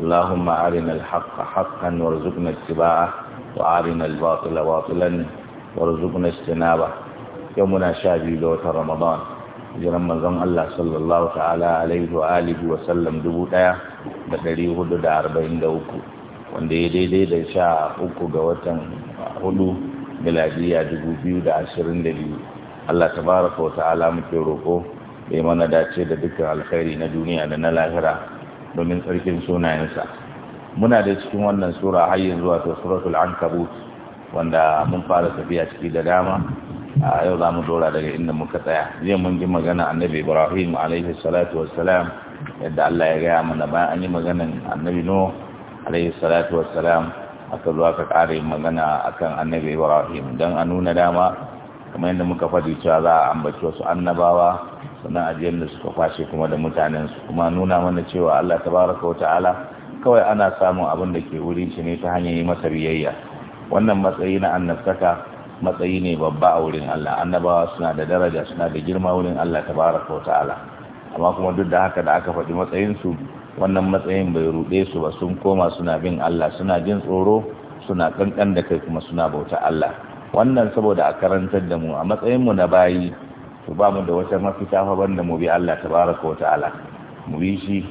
اللهم أرنا الحق حقا وارزقنا اتباعه وأرنا الباطل باطلا وارزقنا اجتنابه يومنا شابي دوت رمضان jiran mazan Allah sallallahu ta'ala alaihi wa alihi wa sallam dubu ɗaya da ɗari hudu da arba'in da uku wanda ya daidai da sha uku ga watan hudu miladiya dubu biyu da ashirin da biyu Allah tabaraka wa ta'ala muke roƙo bai mana dace da dukkan alkhairi na duniya da na lahira domin tsarkin sunayensa muna da cikin wannan sura har yanzu wato suratul ankabut wanda mun fara tafiya ciki da dama a yau za mu dora daga inda muka tsaya zai mun ji magana annabi ibrahim alaihi salatu wassalam yadda allah ya gaya mana bayan an yi maganan annabi no alaihi salatu wassalam aka zo aka ƙara magana akan annabi ibrahim don a nuna dama kamar yadda muka faɗi cewa za a ambaci wasu annabawa sannan ajiyar da suka kwashe kuma da mutanensu kuma nuna mana cewa Allah ta tabaraka wata'ala kawai ana samun abin da ke wurin shi ne ta hanyar yi masa biyayya wannan matsayi na annabtaka matsayi ne babba a wurin Allah annabawa suna da daraja suna da girma wurin Allah ta wata wata'ala amma kuma duk da haka da aka faɗi matsayinsu wannan matsayin bai ruɗe su ba sun koma suna bin Allah suna jin tsoro suna kankan da kai kuma suna bauta Allah wannan saboda a karantar da mu a matsayinmu na bayi to ba mu da wata mafita fa banda mu bi Allah tabaraka wa ta'ala mu bi shi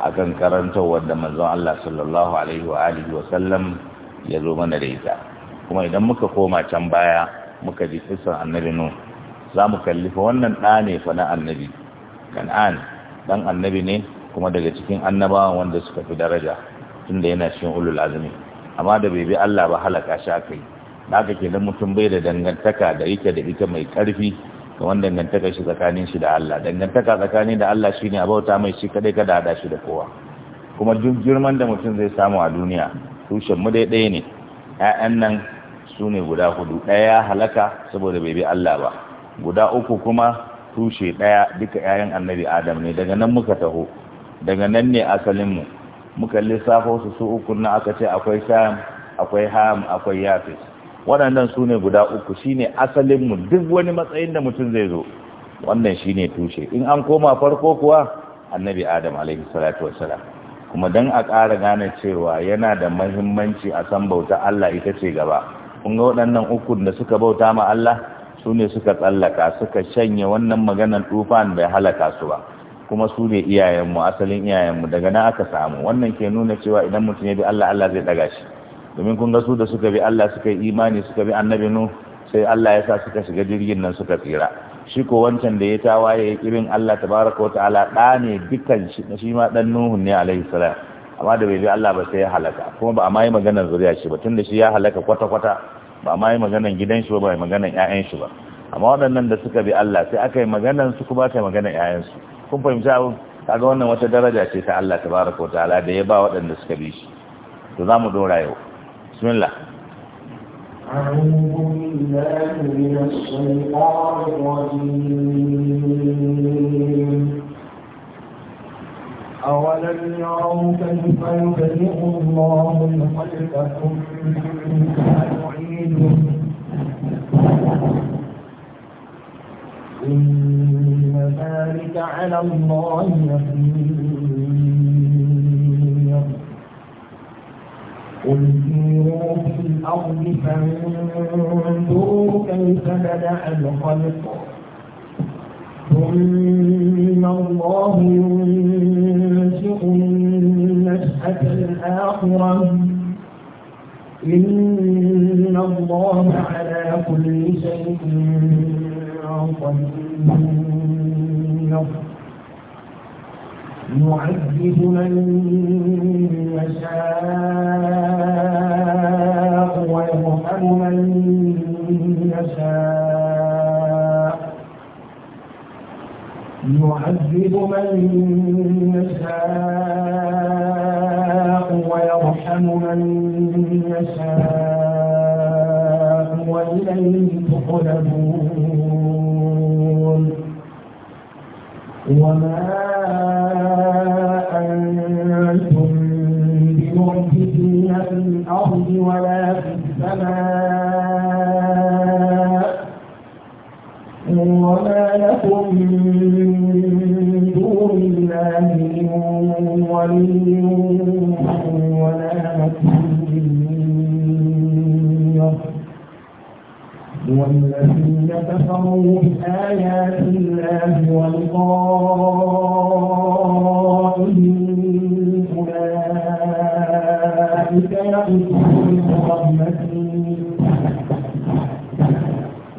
akan karantawar da manzon Allah sallallahu alaihi wa alihi wa sallam ya zo mana da ita kuma idan muka koma can baya muka ji kisan annabi nu za mu kalli fa wannan ɗa ne fa na annabi kan'an dan annabi ne kuma daga cikin annabawan wanda suka fi daraja tunda yana cikin ulul azmi amma da bai bi Allah ba halaka shi akai da haka kenan mutum bai da dangantaka da yake da ita mai karfi wanda dangantaka shi tsakanin shi da Allah dangantaka tsakanin da Allah shine abauta mai shi kadai kada hada shi da kowa kuma duk girman da mutum zai samu a duniya tushen mu daidai ne ƴaƴan nan su ne guda hudu ɗaya halaka saboda bai bi Allah ba guda uku kuma tushe ɗaya duka ƴaƴan annabi Adam ne daga nan muka taho daga nan ne asalin mu muka lissafo su su uku na aka ce akwai Sam akwai Ham akwai Yafis waɗannan su ne guda uku shine asalinmu duk wani matsayin da mutum zai zo wannan shine tushe in an koma farko kuwa annabi adam alaihi salatu wassalam kuma don a ƙara gane cewa yana da mahimmanci a san bauta Allah ita ce gaba kun ga waɗannan uku da suka bauta ma Allah su ne suka tsallaka suka shanye wannan maganar tufan bai halaka su ba kuma su ne iyayenmu asalin iyayenmu daga nan aka samu wannan ke nuna cewa idan mutum ya bi Allah Allah zai ɗaga shi domin kun ga su da suka bi Allah suka yi imani suka bi annabi nu sai Allah ya sa suka shiga jirgin nan suka tsira shi ko wancan da ya tawaye waye irin Allah tabaraka wa ta'ala da ne dukkan shi shi ma dan nuhu ne alaihi salam amma da bai bi Allah ba sai ya halaka kuma ba a ma yi maganar zuriya shi ba tunda shi ya halaka kwata kwata ba a ma yi maganar gidan shi ba ba yi maganar ƴaƴan shi ba amma waɗannan da suka bi Allah sai aka yi maganar su kuma aka yi maganar ƴaƴan su kun fahimci abin kaga wannan wata daraja ce ta Allah tabaraka wa ta'ala da ya ba waɗanda suka bi shi to zamu dora yau بسم الله أعوذ بالله من الشيطان الرجيم أولم يروا كيف يبدئ الله الخلق ثم يعيده إن ذلك على الله يسير قل سيروا في الأرض فانظروا كيف بدأ الخلق ثم الله ينشئ النشأة الآخرة إن الله على كل شيء قدير يعذب من يشاء ويرحم من يشاء يعذب من يشاء ويرحم من يشاء وإليه تقلبون وما ولا في السماء وما لكم من دون الله من ولي ولا مكتوب والذين كفروا بآيات الله ولقائه أولئك يأتون برحمتي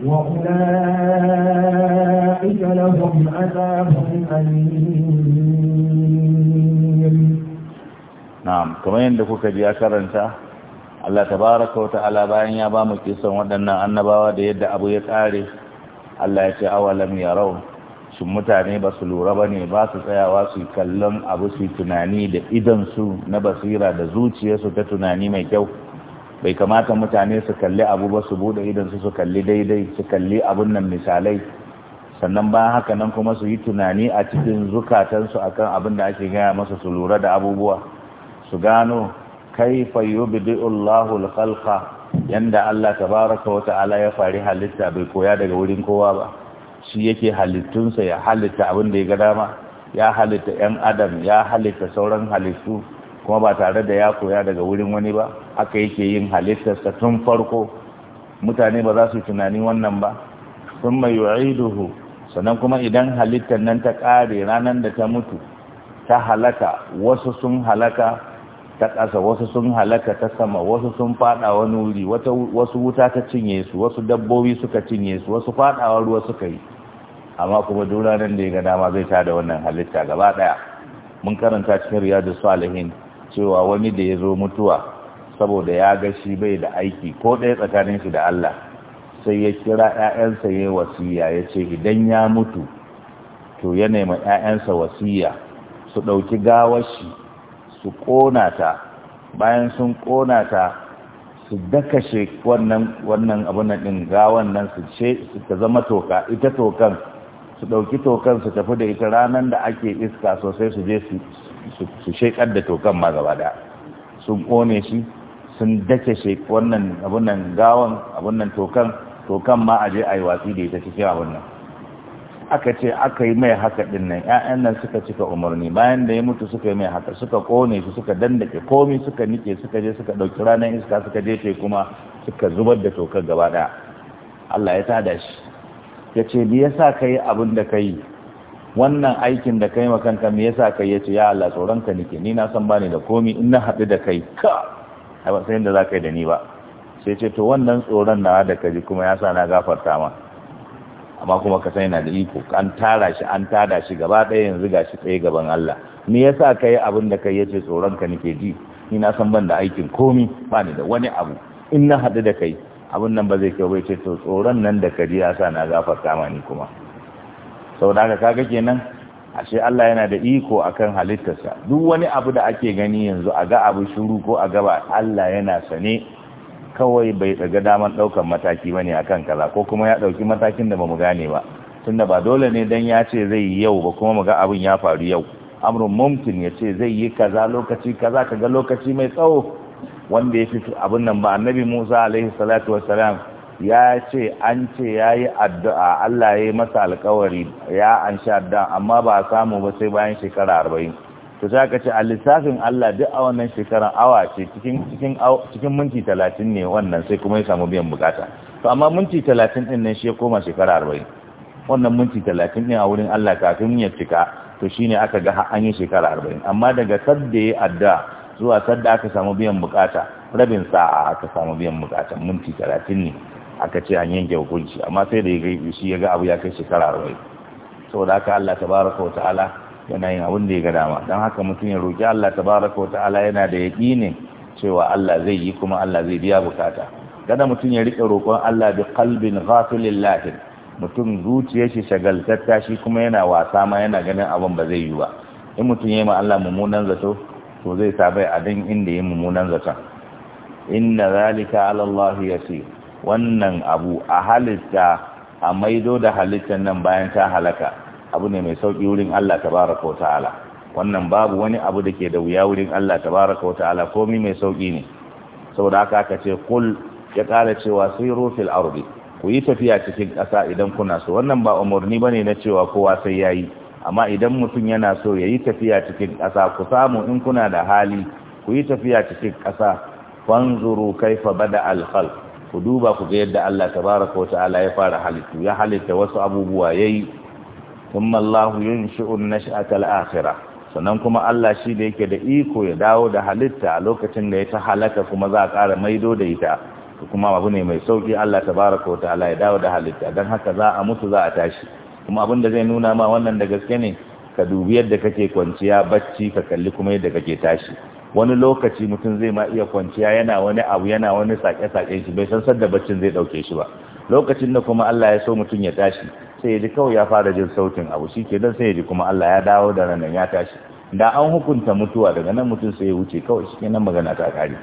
وأولئك لهم عذاب أليم نعم كما يندفك Allah bayan ya ba mu kisan waɗannan annabawa da yadda abu ya ƙare Allah ya ce awalam yarau su mutane ba su lura ba ne ba su tsayawa su kallon abu su tunani da su na basira da zuciyarsu ta tunani mai kyau bai kamata mutane su kalli abu ba su bude idan su su kalli daidai su kalli abun nan misalai sannan bayan haka nan kuma su yi tunani a cikin zukatansu akan abin da ake gaya masa su lura da abubuwa su gano "Kai fayo Allahu yanda Allah tabaraka wata ala ya fari halitta bai koya daga wurin kowa ba shi yake halittunsa ya halitta abin da ya ga dama ya halitta 'yan adam ya halitta sauran halittu kuma ba tare da ya koya daga wurin wani ba haka yake yin halittarsa tun farko mutane ba za su tunani wannan ba sun mai yu'iduhu sannan kuma idan halittar nan ta ƙare ranar da ta mutu ta halaka wasu sun halaka ta ƙasa wasu sun halaka ta sama wasu sun faɗa wani wuri wasu wuta ta cinye su wasu dabbobi suka cinye su wasu faɗawa ruwa suka yi amma kuma duk nan da ya ga dama zai tada wannan halitta gaba daya mun karanta cikin riyadu salihin cewa wani da ya zo mutuwa saboda ya ga shi bai da aiki ko ɗaya tsakanin shi da Allah sai ya kira ƴaƴansa yayin wasiya ya ce idan ya mutu to ya nemi ƴaƴansa wasiya su ɗauki gawar shi su ƙona ta bayan sun ƙona ta su dakashe wannan wannan abun nan din gawan nan su ce su ta zama toka ita tokan su ɗauki tokan su tafi da ita ranar da ake iska sosai su je su shekar da tokan ma gaba da sun ƙone shi sun dake shi wannan abun nan gawan abun nan tokan tokan ma a je a yi watsi da ita cikin abun nan aka ce aka yi mai haka din nan ƴaƴan nan suka cika umarni bayan da ya mutu suka yi mai haka suka ƙone shi suka dandake komi suka nike suka je suka ɗauki ranar iska suka je kuma suka zubar da tokan gaba ɗaya Allah ya tada shi ya ce me yasa ka yi abin da ka yi wannan aikin da ka yi makanta me yasa ka yi ya ce ya Allah tsoronka nike ni na san bani da komi in na haɗu da kai ka a ba sayin da za ka yi da ni ba sai ce to wannan tsoron na da ka ji kuma ya sa na gafarta ma amma kuma ka sai na da iko an tara shi an tada shi gaba ɗaya yanzu ga shi tsaye gaban Allah me yasa ka yi abin da ka yi ya ce tsoronka nike ji ni na san ban da aikin komi ba ni da wani abu in na haɗu da kai abin nan ba zai kyau bai ce to tsoron nan da kaji ya sa na gafarta kama ni kuma sau da kaga kenan ashe Allah yana da iko akan halittarsa duk wani abu da ake gani yanzu a ga abu shuru ko a gaba Allah yana sane kawai bai daga daman daukan mataki bane akan kaza ko kuma ya dauki matakin da mu gane ba tunda ba dole ne dan ya ce zai yi yau ba kuma mu ga abin ya faru yau amrun mumkin ya ce zai yi kaza lokaci kaza kaga lokaci mai tsawo wanda ya fi abin nan ba annabi Musa alaihi salatu wassalam ya ce an ce ya yi addu'a Allah ya yi masa alkawari ya an sha addu'a amma ba a samu ba sai bayan shekara arba'in to sai aka ce a lissafin Allah duk a wannan shekarar awa ce cikin minti talatin ne wannan sai kuma ya samu biyan bukata to amma minti talatin ɗin nan shi ya koma shekara arba'in wannan minti talatin ɗin a wurin Allah kafin ya cika to shine aka ga an yi shekara arba'in amma daga sadda ya addu'a zuwa sadda aka samu biyan bukata rabin sa'a aka samu biyan bukata minti talatin ne aka ce an yanke hukunci amma sai da ya shi ya ga abu ya kai shekara arba'in saboda aka Allah tabaraka wa ta'ala yana yin abin da ya ga dama don haka mutum ya roki Allah tabaraka wa ta'ala yana da yaƙinin cewa Allah zai yi kuma Allah zai biya bukata kada mutum ya rike roƙon Allah bi kalbin ghafilin lahin mutum zuciya shi shagaltatta shi kuma yana wasa ma yana ganin abin ba zai yi ba in mutum ya yi ma Allah mummunan zato to zai sabai a dan inda ya mummunan zaton inna zalika ala Allah wannan abu a halitta a maido da halittar nan bayan ta halaka abu ne mai sauki wurin Allah tabaraka wa ta'ala wannan babu wani abu da ke da wuya wurin Allah tabaraka wa ta'ala komai mai sauki ne saboda haka aka ce kul ya kara cewa siru fil ardi ku yi tafiya cikin ƙasa idan kuna so wannan ba umarni bane na cewa kowa sai yayi amma idan mutum yana so ya yi tafiya cikin ƙasa ku samu in kuna da hali ku yi tafiya cikin ƙasa fanzuru kaifa bada alhal ku duba ku ga yadda Allah ta tabaraka ta'ala ya fara halittu ya halitta wasu abubuwa ya yayi kuma Allah yunshi'u an-nash'ata al-akhirah sannan kuma Allah shi da yake da iko ya dawo da halitta a lokacin da ya ta halaka kuma za a ƙara maido da ita kuma abu ne mai sauƙi Allah ta tabaraka ta'ala ya dawo da halitta dan haka za a mutu za a tashi kuma abin da zai nuna ma wannan da gaske ne ka dubi yadda kake kwanciya bacci ka kalli kuma yadda kake tashi wani lokaci mutum zai ma iya kwanciya yana wani abu yana wani sake-sake shi bai san sadda baccin zai dauke shi ba lokacin da kuma Allah ya so mutum ya tashi sai ya kawai ya fara jin sautin abu shi ke don sai ya ji kuma Allah ya dawo da ranar ya tashi da an hukunta mutuwa daga nan mutum sai ya wuce kawai shi nan magana ta kare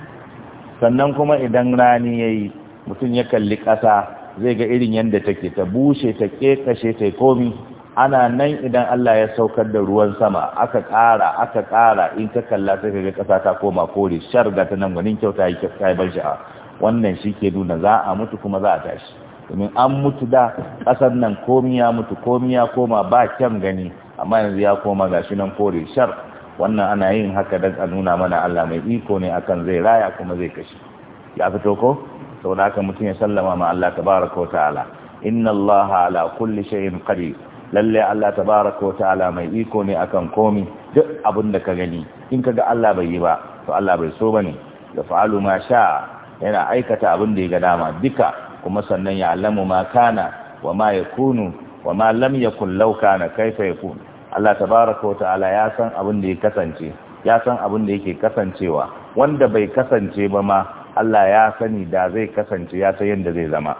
sannan kuma idan rani yayi mutum ya kalli kasa zai ga irin yadda take ta bushe ta kekashe ta komi ana nan idan Allah ya saukar da ruwan sama aka ƙara aka ƙara in ka kalla sai ka ga ƙasa ta koma kore shar ga ta nan gwanin kyauta yi ban sha'a wannan shi ke nuna za a mutu kuma za a tashi domin an mutu da ƙasar nan komi ya mutu komi ya koma ba kyan gani amma yanzu ya koma gashi nan kore shar wannan ana yin haka don a nuna mana Allah mai iko ne akan zai raya kuma zai kashe. ya fito ko saboda haka mutum ya sallama ma Allah tabaraka wa ta'ala inna Allah ala kulli shay'in qadir lalle Allah tabaraka wa ta'ala mai iko ne akan komi duk abin da ka gani in kaga Allah bai yi ba to Allah bai so bane ya fa'alu ma sha yana aikata abin da ya ga dama duka kuma sannan ya alamu ma kana wa ma yakunu wa ma lam yakun law kana kaifa yakun Allah tabaraka wa ta'ala ya san abin da ya kasance ya san abin da yake kasancewa wanda bai kasance ba ma Allah ya sani da zai kasance ya san yadda zai zama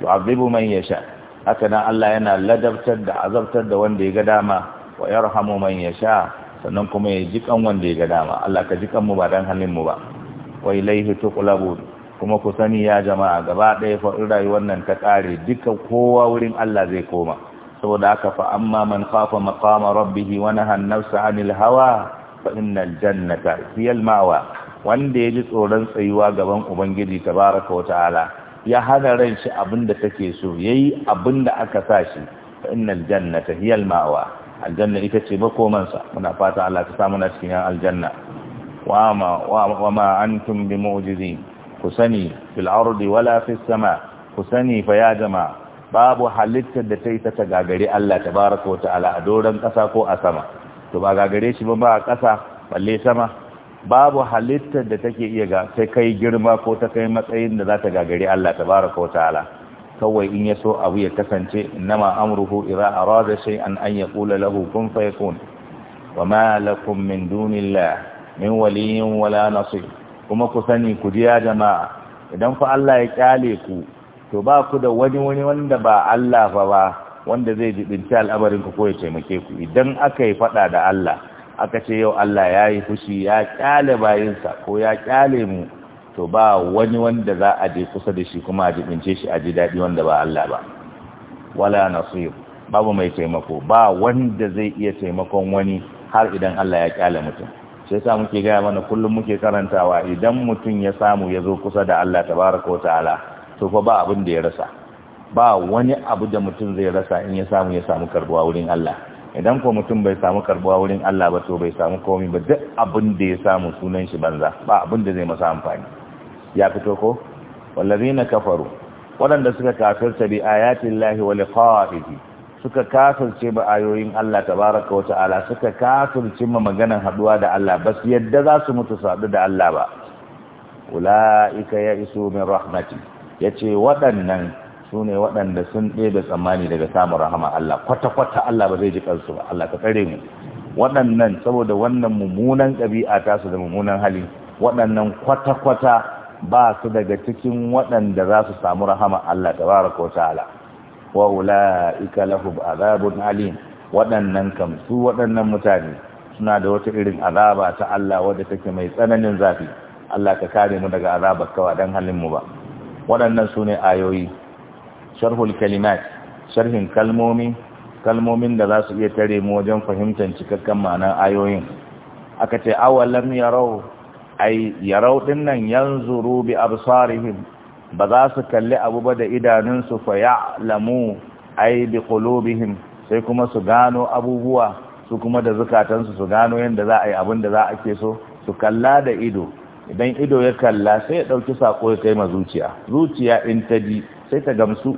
yu'adhibu man yasha haka nan Allah yana ladabtar da azabtar da wanda ya ga dama wa yarhamu man yasha sannan kuma ya ji kan wanda ya ga dama Allah ka ji kan mu ba dan halin mu ba wa ilaihi tuqlabun kuma ku sani ya jama'a gaba ɗaya fa rayuwar nan ta kare duka kowa wurin Allah zai koma saboda haka fa amma man khafa maqama rabbih wa nahan nafsa 'anil hawa fa innal jannata hiya al-ma'wa wanda ya ji tsoron tsayuwa gaban ubangiji tabaraka wa ta'ala ya hada ran shi abinda da take so yayi abinda da aka sa shi fa innal jannata hiya mawa aljanna ita ce makomansa muna fata Allah ta samu na cikin aljanna wa ma wa ma antum bimu'jizin ku sani fil ardi wala fis sama ku sani fa ya jama'a babu halittar da ta yi ta gagare Allah tabaraka wa ta'ala a doron kasa ko a sama to ba gagare shi ba ba kasa balle sama babu halittar da take iya ga sai kai girma ko ta kai matsayin da za ta gagari Allah ta tabaraka wa ta'ala kawai in ya so abu ya kasance innama amruhu a raza shi an kula lahu kun fai kun? wa ma lakum min dunillah min waliyin wala nasir kuma ku sani ku jiya jama'a idan fa Allah ya kyale ku to ba ku da wani wani wanda ba Allah fa ba wanda zai jibinci al'amarin ku ko ya taimake ku idan aka yi faɗa da Allah aka ce yau Allah ya yi fushi ya kyale bayinsa ko ya kyale mu to ba wani wanda za a je kusa da shi kuma a jibince shi a ji daɗi wanda ba Allah ba wala nasir babu mai taimako ba wanda zai iya taimakon wani har idan Allah ya kyale mutum sai sa muke gaya mana kullum muke karantawa idan mutum ya samu ya zo kusa da Allah tabaraka wa ta'ala to fa ba abin da ya rasa ba wani abu da mutum zai rasa in ya samu ya samu karbuwa wurin Allah idan ko mutum bai samu karbuwa wurin Allah ba to bai samu komai ba duk abin da ya samu sunan shi banza ba abin da zai masa amfani ya fito ko wallazina kafaru Wadanda suka kafirta bi ayatin lahi wa liqa'ihi suka kafirce ba ayoyin Allah tabaraka wa ta'ala suka kafirce ma maganan haduwa da Allah ba su yadda za su mutu sadu da Allah ba ulaika ya isu min rahmati yace waɗannan su ne waɗanda sun ɗebe tsammani daga samun rahama Allah kwata-kwata Allah ba zai ji kansu ba Allah ka tsare mu waɗannan saboda wannan mummunan ɗabi'a ta su da mummunan hali waɗannan kwata-kwata ba su daga cikin waɗanda za su samu rahama Allah tabaraka wa ta'ala wa ulaika lahum azabun alim waɗannan kam su waɗannan mutane suna da wata irin azaba ta Allah wadda take mai tsananin zafi Allah ka kare mu daga azabar kawa dan halin mu ba waɗannan su ne ayoyi sharhul kalimat sharhin kalmomi kalmomin da za su iya tare mu wajen fahimtar cikakken ma'anar ayoyin aka ce awalam yarau ai yarau din nan yanzuru bi absarihim ba za su kalli abu ba da idanunsu fa ya'lamu ai bi qulubihim sai kuma su gano abubuwa su kuma da zukatansu su gano yadda za a yi abin da za a ke so su kalla da ido idan ido ya kalla sai ya ɗauki sako ya kai ma zuciya zuciya in ta ji sai ta gamsu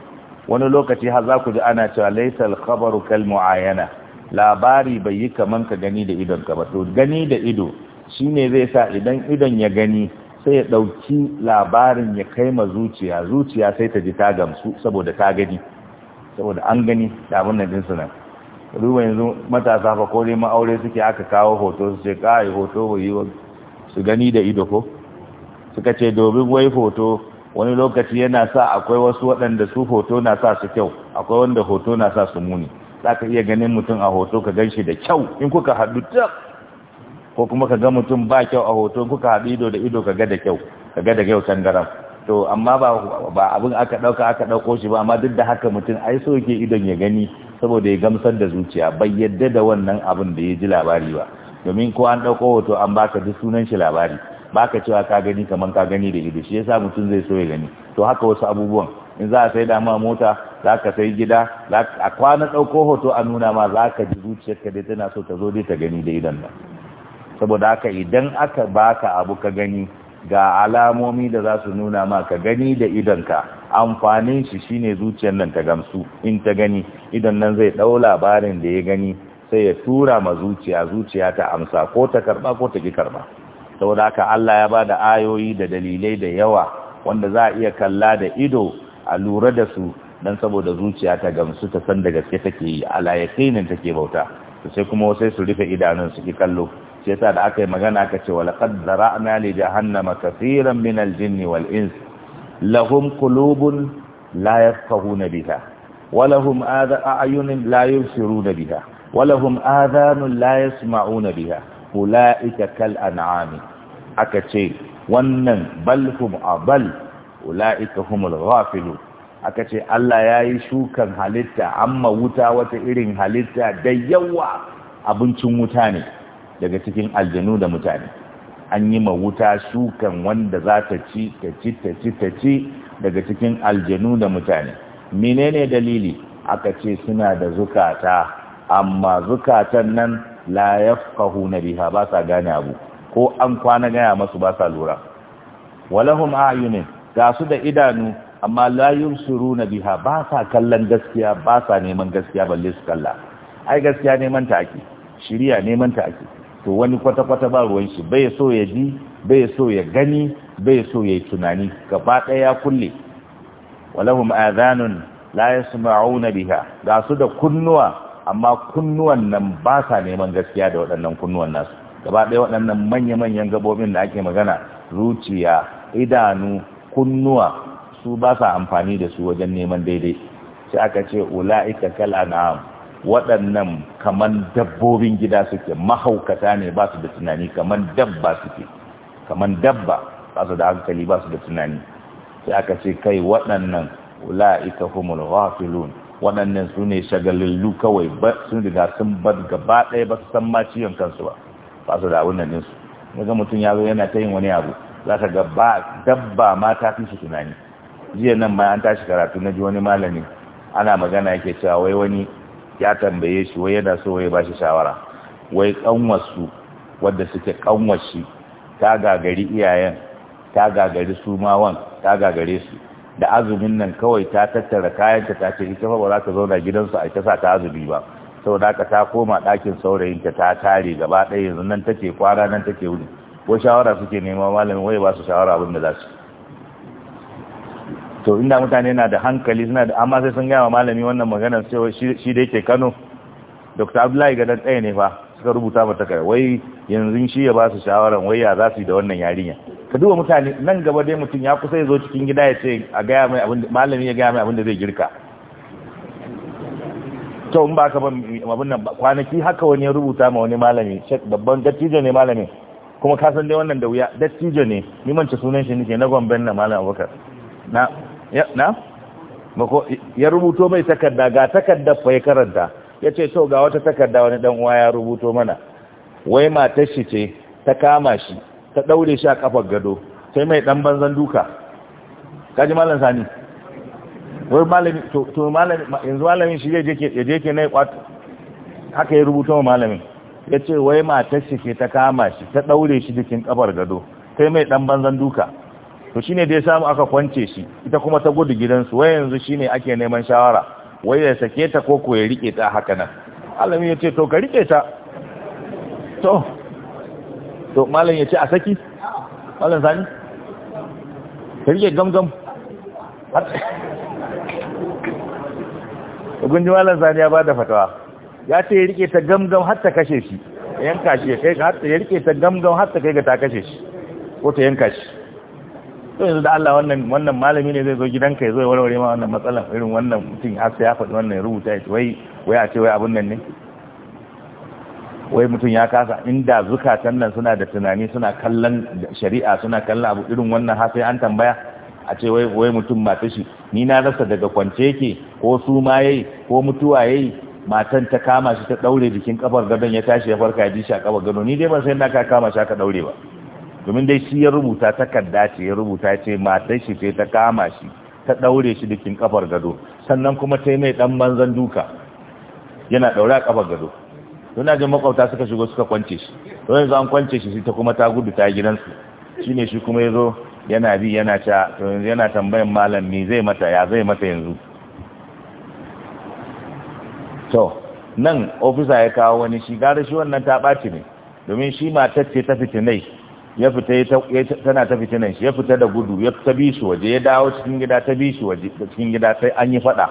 wani lokaci har za ku ji ana cewa laisal khabaru kal muayana labari bai yi kaman ka gani da idon ka ba to gani da ido shine zai sa idan idon ya gani sai ya dauki labarin ya kai ma zuciya zuciya sai ta ji ta gamsu saboda ta gani saboda an gani da abin nan din sunan ruwa yanzu matasa fa ko ma aure suke aka kawo hoto su ce kai hoto bai yi su gani da ido ko suka ce domin wai hoto wani lokaci yana sa akwai wasu waɗanda su hoto na sa su kyau akwai wanda hoto na sa su muni za ka iya ganin mutum a hoto ka gan shi da kyau in kuka haɗu ta ko kuma ka ga mutum ba kyau a hoto kuka haɗu ido da ido ka ga da kyau ka ga da kyau to amma ba ba abin aka ɗauka aka ɗauko shi ba amma duk da haka mutum ai so yake idon ya gani saboda ya gamsar da zuciya bai yadda da wannan abin da ya ji labari ba domin ko an ɗauko hoto an baka duk sunan shi labari ba ka cewa ka gani kamar ka gani da ido shi yasa mutum zai so ya gani to haka wasu abubuwan in za a sai da ma mota za ka sai gida a kwana ɗauko hoto a nuna ma za ka ji zuciyarka dai tana so ta zo dai ta gani da idan nan saboda haka idan aka baka abu ka gani ga alamomi da za su nuna ma ka gani da ka amfanin shi shine zuciyar nan ta gamsu in ta gani idan nan zai ɗau labarin da ya gani sai ya tura ma zuciya zuciya ta amsa ko ta karɓa ko ta ki karɓa saboda haka Allah ya bada ayoyi da dalilai da yawa wanda za a iya kalla da ido a lura da su dan saboda zuciya ta gamsu ta san da gaske take yi ala yakinin take bauta to sai kuma sai su rufe idanun su ki kallo sai sa da aka yi magana aka ce walaqad zara'na li jahannama kaseeran min al-jinni wal ins lahum qulubun la yafqahuna biha wa lahum a'yunun la yubsiruna biha wa lahum adhanun la yasma'una biha ula'ika kal an'ami aka ce wannan balhum abal ula'ika humul ghafilu aka ce Allah ya yi shukan halitta amma wuta wata irin halitta da yawa abincin wuta ne daga cikin aljanu da mutane an yi ma wuta shukan wanda za ta ci ta ci ta ci ta ci daga cikin aljanu da mutane menene dalili aka ce suna da zukata amma zukatan nan la na biha ba sa gane abu ko an kwana gaya masu ba sa lura walahum ayunin ga su da idanu amma la na biha ba sa kallon gaskiya ba sa neman gaskiya balle su kalla ai gaskiya neman ta ake shiriya neman ta ake to wani kwata kwata ba ruwan shi bai so ya ji bai so ya gani bai so ya tunani gaba ɗaya ya kulle walahum azanun la yasma'una biha ga su da kunnuwa amma kunnuwan nan ba sa neman gaskiya da waɗannan kunnuwan nasu gaba ɗaya waɗannan manya-manyan gabobin da ake magana zuciya idanu kunnuwa su ba sa amfani da su wajen neman daidai sai aka ce ula'ika kala na waɗannan kamar dabbobin gida suke mahaukata ne ba su da tunani kamar dabba suke kamar dabba ba su da hankali ba su da tunani sai aka ce kai waɗannan ula'ika humul ghafilun waɗannan su ne shagalallu kawai ba sun riga sun bar gaba ɗaya ba su san ma ciyon kansu ba ba su da wannan ɗinsu daga mutum ya zo yana ta yin wani abu za ka ga ba dabba ma ta fi shi tunani jiya nan ma an tashi karatu na ji wani malami ana magana yake cewa wai wani ya tambaye shi wai yana so wai ba shi shawara wai kanwarsu wadda suke kanwashi shi ta gagari iyayen ta gagari su wan ta gagare su da azumin nan kawai ta tattara kayanta ta ce ita ba za ta zauna gidansu a ita sa ta azumi ba saboda ka ta koma ɗakin saurayinta ta tare gaba ɗaya yanzu nan take kwara nan take wuni ko shawara suke nema malamin wai ba su shawara abin da za su to inda mutane na da hankali suna da amma sai sun gaya malami wannan maganar cewa shi da yake Kano Dr. Abdullahi ga dan ɗaya ne fa suka rubuta mata kai wai yanzu shi ya ba su shawaran wai ya za su yi da wannan yarinya ka duba mutane nan gaba dai mutum ya kusa ya zo cikin gida ya ce a gaya mai abin malami ya gaya mai abin da zai girka to in ba ka ban abin nan kwanaki haka wani ya rubuta ma wani malami babban dattijo ne malami kuma ka san dai wannan da wuya dattijo ne ni mance sunan shi nake na gomben na malam abubakar na ya na mako ya rubuto mai takarda ga takarda fa ya karanta ya ce to ga wata takarda wani dan uwa ya rubuto mana wai matar shi ce ta kama shi ta daure shi a kafar gado sai mai dan banzan duka kaji malam sani yanzu malamin shi zai je je ke nai kwat haka ya rubuta wa malamin ya ce wai matar shi ke ta kama shi ta daure shi jikin kafar gado sai mai dan banzan duka to shine da ya samu aka kwance shi ita kuma ta gudu gidansu wai yanzu shine ake neman shawara wai ya sake ta ko ko ya rike ta haka nan alamin ya ce to ka rike ta to to malam ya ce a saki malam sani ya rike gamgam gunji malam sani ya ba da fatawa ya ce ya rike ta gamgam har ta kashe shi yanka shi ya rike ta gamgam har ta kai ga ta kashe shi ko ta yanka shi to yanzu da Allah wannan wannan malami ne zai zo gidanka ya zo ya warware ma wannan matsalan irin wannan mutum har sai ya faɗi wannan rubuta ya ce wai wai a ce wai abun nan ne wai mutum ya kasa inda zukatan nan suna da tunani suna kallon shari'a suna kallon abu irin wannan har sai an tambaya a ce wai wai mutum ba tashi ni na rasa daga kwance yake ko su ma yayi ko mutuwa yayi matan ta kama shi ta daure jikin kafar gadon ya tashi ya farka ya ji shi a kafar gado ni dai ban sai na ka kama shi aka daure ba domin dai shi ya rubuta takarda ce ya rubuta ce matan shi ce ta kama shi ta daure shi jikin kafar gado sannan kuma ta mai dan manzan duka yana daure a kafar gado don na jin makwabta suka shigo suka kwance shi don yanzu an kwance shi ta kuma ta gudu ta gidansu ne shi kuma ya zo yana bi yana ta to yanzu yana tambayin malam me zai mata ya zai mata yanzu to nan ofisa ya kawo wani shi gara shi wannan ta ɓaci ne domin shi matar ce ta fitinai ya fita tana ta fitinan shi ya fita da gudu ya ta bi shi waje ya dawo cikin gida ta bi shi waje cikin gida sai an yi faɗa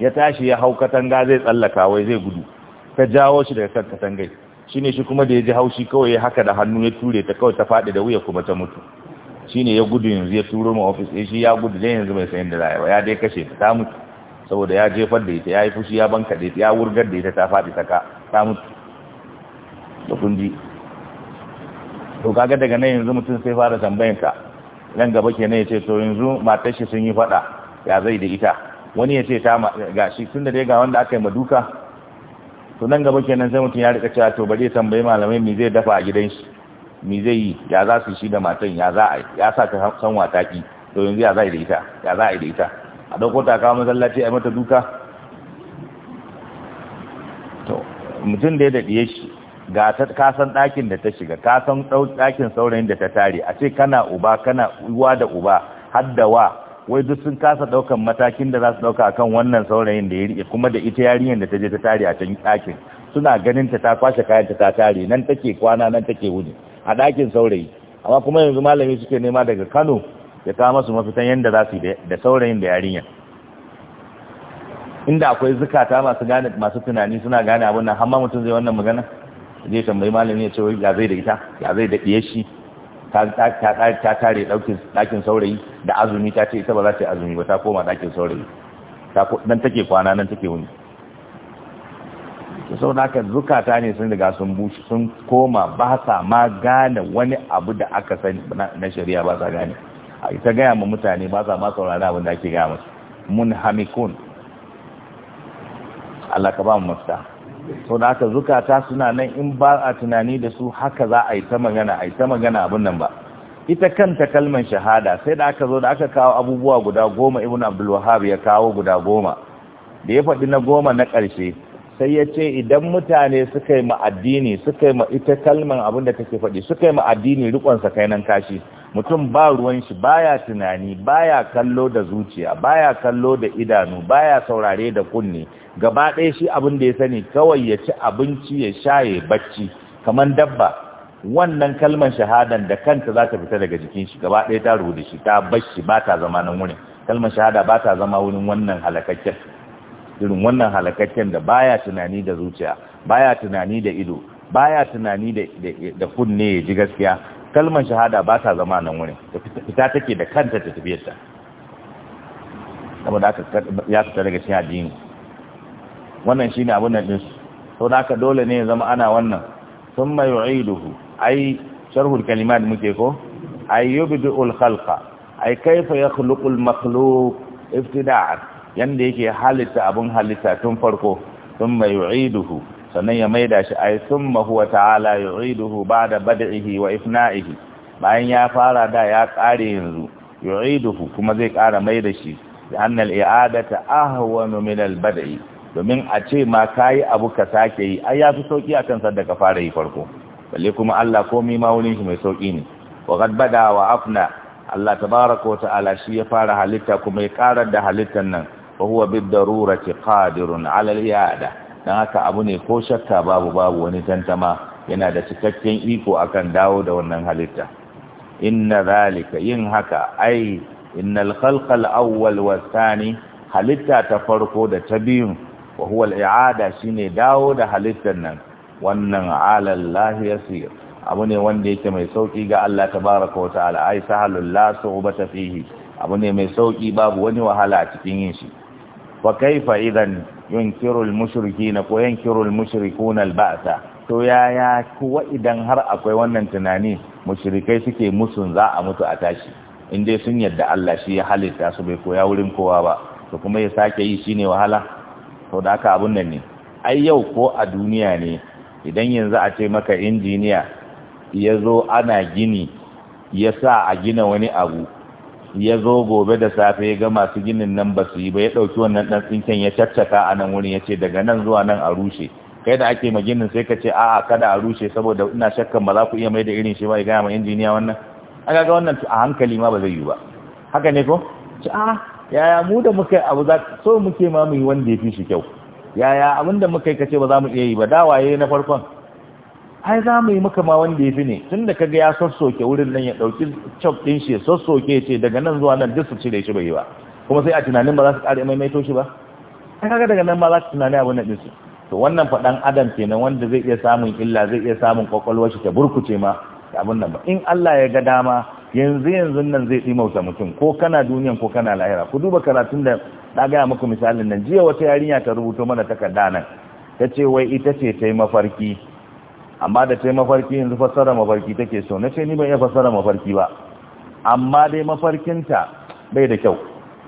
ya tashi ya hau katanga zai tsallaka wai zai gudu ka jawo shi daga kan katangai ne shi kuma da ya ji haushi kawai haka da hannu ya ture ta kawai ta faɗi da wuya kuma ta mutu shi ne ya gudu yanzu ya turo ma ofis ɗin shi ya gudu zai yanzu mai san da rayuwa ya dai kashe ta ta mutu saboda ya jefar da ita ya yi fushi ya da ita ya wurgar da ita ta faɗi ta ka ta mutu da kun ji to kaga daga nan yanzu mutum sai fara tambayan ka nan gaba kenan ya ce to yanzu matar shi sun yi faɗa ya zai da ita wani ya ce ta ma shi tun da dai ga wanda aka yi maduka to nan gaba kenan sai mutum ya rika cewa to bari ya tambayi malamai me zai dafa a gidan shi me zai yi ya za su shi da matan ya za a ya sa ka san wataki to yanzu ya za a yi da ita ya za a yi da ita a dauko ta kawo masallaci a mata duka to mutum da ya dade shi ga ta kasan ɗakin da ta shiga kasan ɗakin saurayin da ta tare a ce kana uba kana uwa da uba har da wa wai duk sun kasa daukan matakin da za su dauka akan wannan saurayin da ya kuma da ita yarinyar da ta je ta tare a can ɗakin suna ganin ta ta kwashe kayan ta tare nan take kwana nan take wuni a ɗakin saurayi amma kuma yanzu malami suke nema daga Kano ya kawo masu mafitan yadda za su yi da saurayin da yarinyar inda akwai zukata masu gane masu tunani suna gane abin nan ma mutum zai wannan magana zai tambayi malami ya ce ya zai da ita ya zai da ɗiye shi ta tare ɗakin saurayi da azumi ta ce ita ba za ta yi azumi ba ta koma ɗakin saurayi nan take kwana nan take wuni sau da aka zukata ne sun daga sun bushe sun koma ba sa ma gane wani abu da aka sani na shari'a ba sa gane a ita gaya ma mutane ba sa ma saurari abin da ake gaya masu mun hamikun Allah ka ba mu mafita sau da aka zukata suna nan in ba a tunani da su haka za a yi ta magana a yi ta magana abin nan ba ita kanta kalmar shahada sai da aka zo da aka kawo abubuwa guda goma ibn abdulwahab ya kawo guda goma da ya faɗi na goma na ƙarshe sai ya ce idan mutane suka yi ma'addini suka yi ita kalmar abin da kake faɗi suka yi ma'addini rikonsa kai nan kashi mutum ba ruwan shi baya tunani baya kallo da zuciya baya kallo da idanu baya saurare da kunne gaba ɗaya shi abin da ya sani kawai ya ci abinci ya sha ya bacci kamar dabba wannan kalmar shahadan da kanta za ta fita daga jikin shi gaba ɗaya ta rubuta shi ta bar shi ba ta zama nan wurin kalmar shahada ba ta zama wurin wannan halakakken irin wannan halakakken da baya tunani da zuciya baya tunani da ido baya tunani da da kunne ya ji gaskiya kalmar shahada ba ta zama nan wurin fita take da kanta ta tafiyar ta saboda haka ya fita daga cikin addini wannan shine abun nan din su saboda haka dole ne ya zama ana wannan ثم يعيده ai sharhul kalimat muke ko ay yubdi'ul khalqa ay kaifa yakhluqul makhluq ibtida'an yanda yake halitta abun halitta tun farko thumma yu'iduhu sannan ya maida shi ay thumma huwa ta'ala yu'iduhu ba'da bad'ihi wa ifna'ihi bayan ya fara da ya kare yanzu yu'iduhu kuma zai kara maida shi لأن ahwanu min al bad'i domin a ce ma kayi abu ka sake yi ai ya fi sauki akan da ka fara yi farko balle kuma Allah komai ma wurin shi mai sauki ne wa qad bada wa afna Allah tabaaraka wa ta'ala shi ya fara halitta kuma ya karar da halittan nan wa huwa bid darurati qadirun ala al-i'ada dan haka abu ne ko shakka babu babu wani tantama yana da cikakken iko akan dawo da wannan halitta inna zalika yin haka ai innal khalqal awwal wasani halitta ta farko da ta biyun wa huwa al-i'ada shine dawo da halittar nan wannan alallahi yasir abu ne wanda yake mai sauki ga Allah tabaraka wa ta'ala ay sahalul la su'bata fihi abu ne mai sauki babu wani wahala a cikin yin shi fa kaifa idan yunkiru al-mushrikeena ko yunkiru al-mushrikuuna al-ba'sa to yaya kuwa idan har akwai wannan tunani mushrikai suke musun za a mutu a tashi in dai sun yadda Allah shi ya halitta su bai koya wurin kowa ba to kuma ya sake yi shine wahala to da haka abun nan ne ai yau ko a duniya ne idan yanzu a ce maka injiniya ya zo ana gini ya sa a gina wani abu ya zo gobe da safe ya ga masu ginin nan ba su yi ba ya ɗauki wannan ɗan tsinken ya caccaka a nan wurin ya ce daga nan zuwa nan a rushe kai da ake ma sai ka ce a'a kada a rushe saboda ina shakkan ba za ku iya mai da irin shi ba ya gaya ma injiniya wannan a ga wannan a hankali ma ba zai yi ba haka ne ko a yaya mu da muka abu za so muke ma mu yi wanda ya fi shi kyau yaya da muka yi kace ba za mu iya yi ba dawaye na farkon ai za mu yi maka ma wanda ya fi ne tun da kaga ya sassoke wurin nan ya dauki cok ɗin shi sassoke ce daga nan zuwa nan duk cire shi bai ba kuma sai a tunanin ba za su ƙara maimaito shi ba ai kaga daga nan ma za su tunani abin nan ɗinsu to wannan faɗan adam kenan wanda zai iya samun illa zai iya samun kwakwalwar shi ta burkuce ma da abin nan ba in Allah ya ga dama yanzu yanzu nan zai ɗimauta mutum ko kana duniyan ko kana lahira ku duba karatun da ta gaya muku misalin nan jiya wata yarinya ta rubuto mana takarda nan ta ce wai ita ce ta yi mafarki amma da ta yi mafarki yanzu fassara mafarki take so na ce ni ban iya fassara mafarki ba amma dai mafarkinta bai da kyau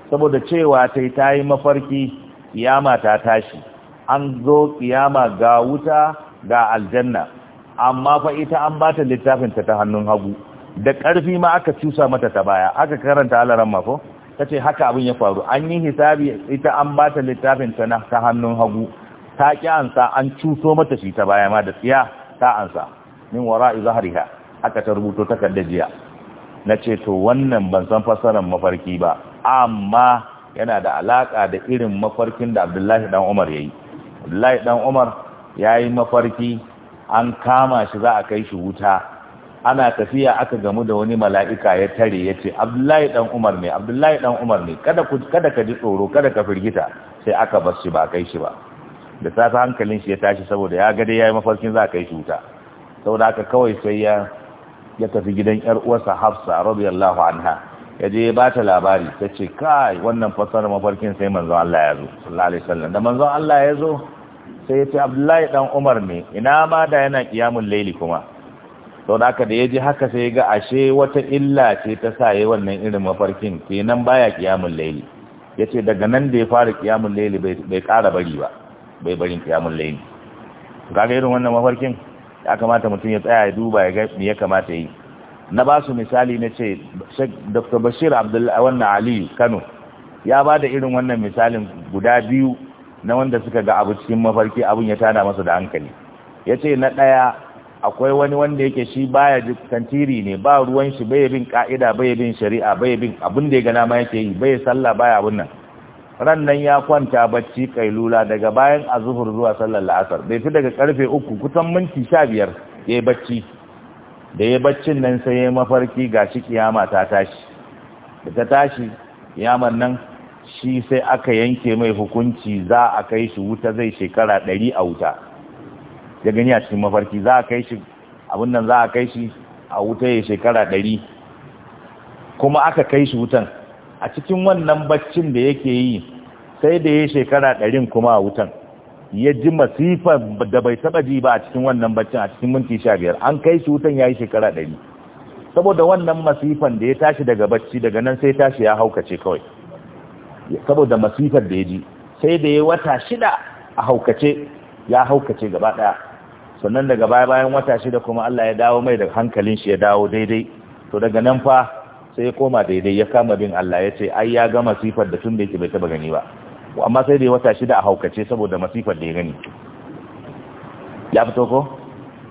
saboda cewa ta yi ta yi mafarki kiyama ta tashi an zo kiyama ga wuta ga aljanna amma fa ita an ba ta littafinta ta hannun hagu da ƙarfi ma aka cusa mata ta baya aka karanta alaran mako? ta ce haka abin ya faru an yi hisabi ita an ba ta littafin ta ta hannun hagu ta ƙi ansa an cuso mata shi ta baya ma da tsiya ta ansa min wara izahariha aka ta rubuto takardar jiya na ce to wannan ban san fassarar mafarki ba amma yana da alaƙa da irin mafarkin da abdullahi dan umar ya yi abdullahi dan umar ya yi mafarki an kama shi za a kai shi wuta ana tafiya aka gamu da wani mala'ika ya tare ya ce abdullahi dan umar ne abdullahi dan umar ne kada ka ji tsoro kada ka firgita sai aka bar shi ba kai shi ba da safe hankalin shi ya tashi saboda ya ga dai yayi mafarkin za kai cuta wuta saboda haka kawai sai ya ya tafi gidan yar uwarsa Hafsa radiyallahu anha ya je ba ta labari ta ce kai wannan fasar mafarkin sai manzon Allah ya zo sallallahu alaihi wasallam da manzon Allah ya zo sai ya ce Abdullahi dan Umar ne ina ma da yana kiyamul laili kuma sau da aka da ya ji haka sai ga ashe wata illa ce ta sa yi wannan irin mafarkin nan baya kiyamun laili ya ce daga nan da ya fara kiyamun laili bai kara bari ba bai barin kiyamun laili ga irin wannan mafarkin ya kamata mutum ya tsaya ya duba ya ga me ya kamata yi na ba su misali na ce dr bashir abdullahi wannan ali kano ya ba da irin wannan misalin guda biyu na wanda suka ga abu cikin mafarki abin ya tana masa da hankali ya ce na ɗaya akwai wani wanda yake shi baya kantiri ne ba ruwan shi bai bin ka'ida bai bin shari'a bai bin abin da ya gana ma yake yi bai sallah baya abin nan ran nan ya kwanta bacci kailula daga bayan azhur zuwa sallar la'asar bai fi daga karfe uku kusan minti sha biyar ya bacci da ya baccin nan sai ya mafarki ga shi kiyama ta tashi da ta tashi kiyamar nan shi sai aka yanke mai hukunci za a kai shi wuta zai shekara ɗari a wuta ya gani a cikin mafarki za a kai shi abin nan za a kai shi a wuta ya shekara ɗari kuma aka kai shi wutan a cikin wannan baccin da yake yi sai da ya shekara ɗarin kuma a wutan ya ji masifar da bai taɓa ji ba a cikin wannan baccin a cikin minti sha biyar an kai shi wutan ya yi shekara ɗari saboda wannan masifan da ya tashi daga bacci daga nan sai tashi ya haukace kawai saboda masifar da ya ji sai da ya wata shida a haukace ya haukace gaba ɗaya sannan daga baya bayan wata shida kuma Allah ya dawo mai da hankalin shi ya dawo daidai to daga nan fa sai ya koma daidai ya kama bin Allah ya ce ai ya ga masifar da tun da yake bai taba gani ba amma sai da wata shida a haukace saboda masifar da ya gani ya fito ko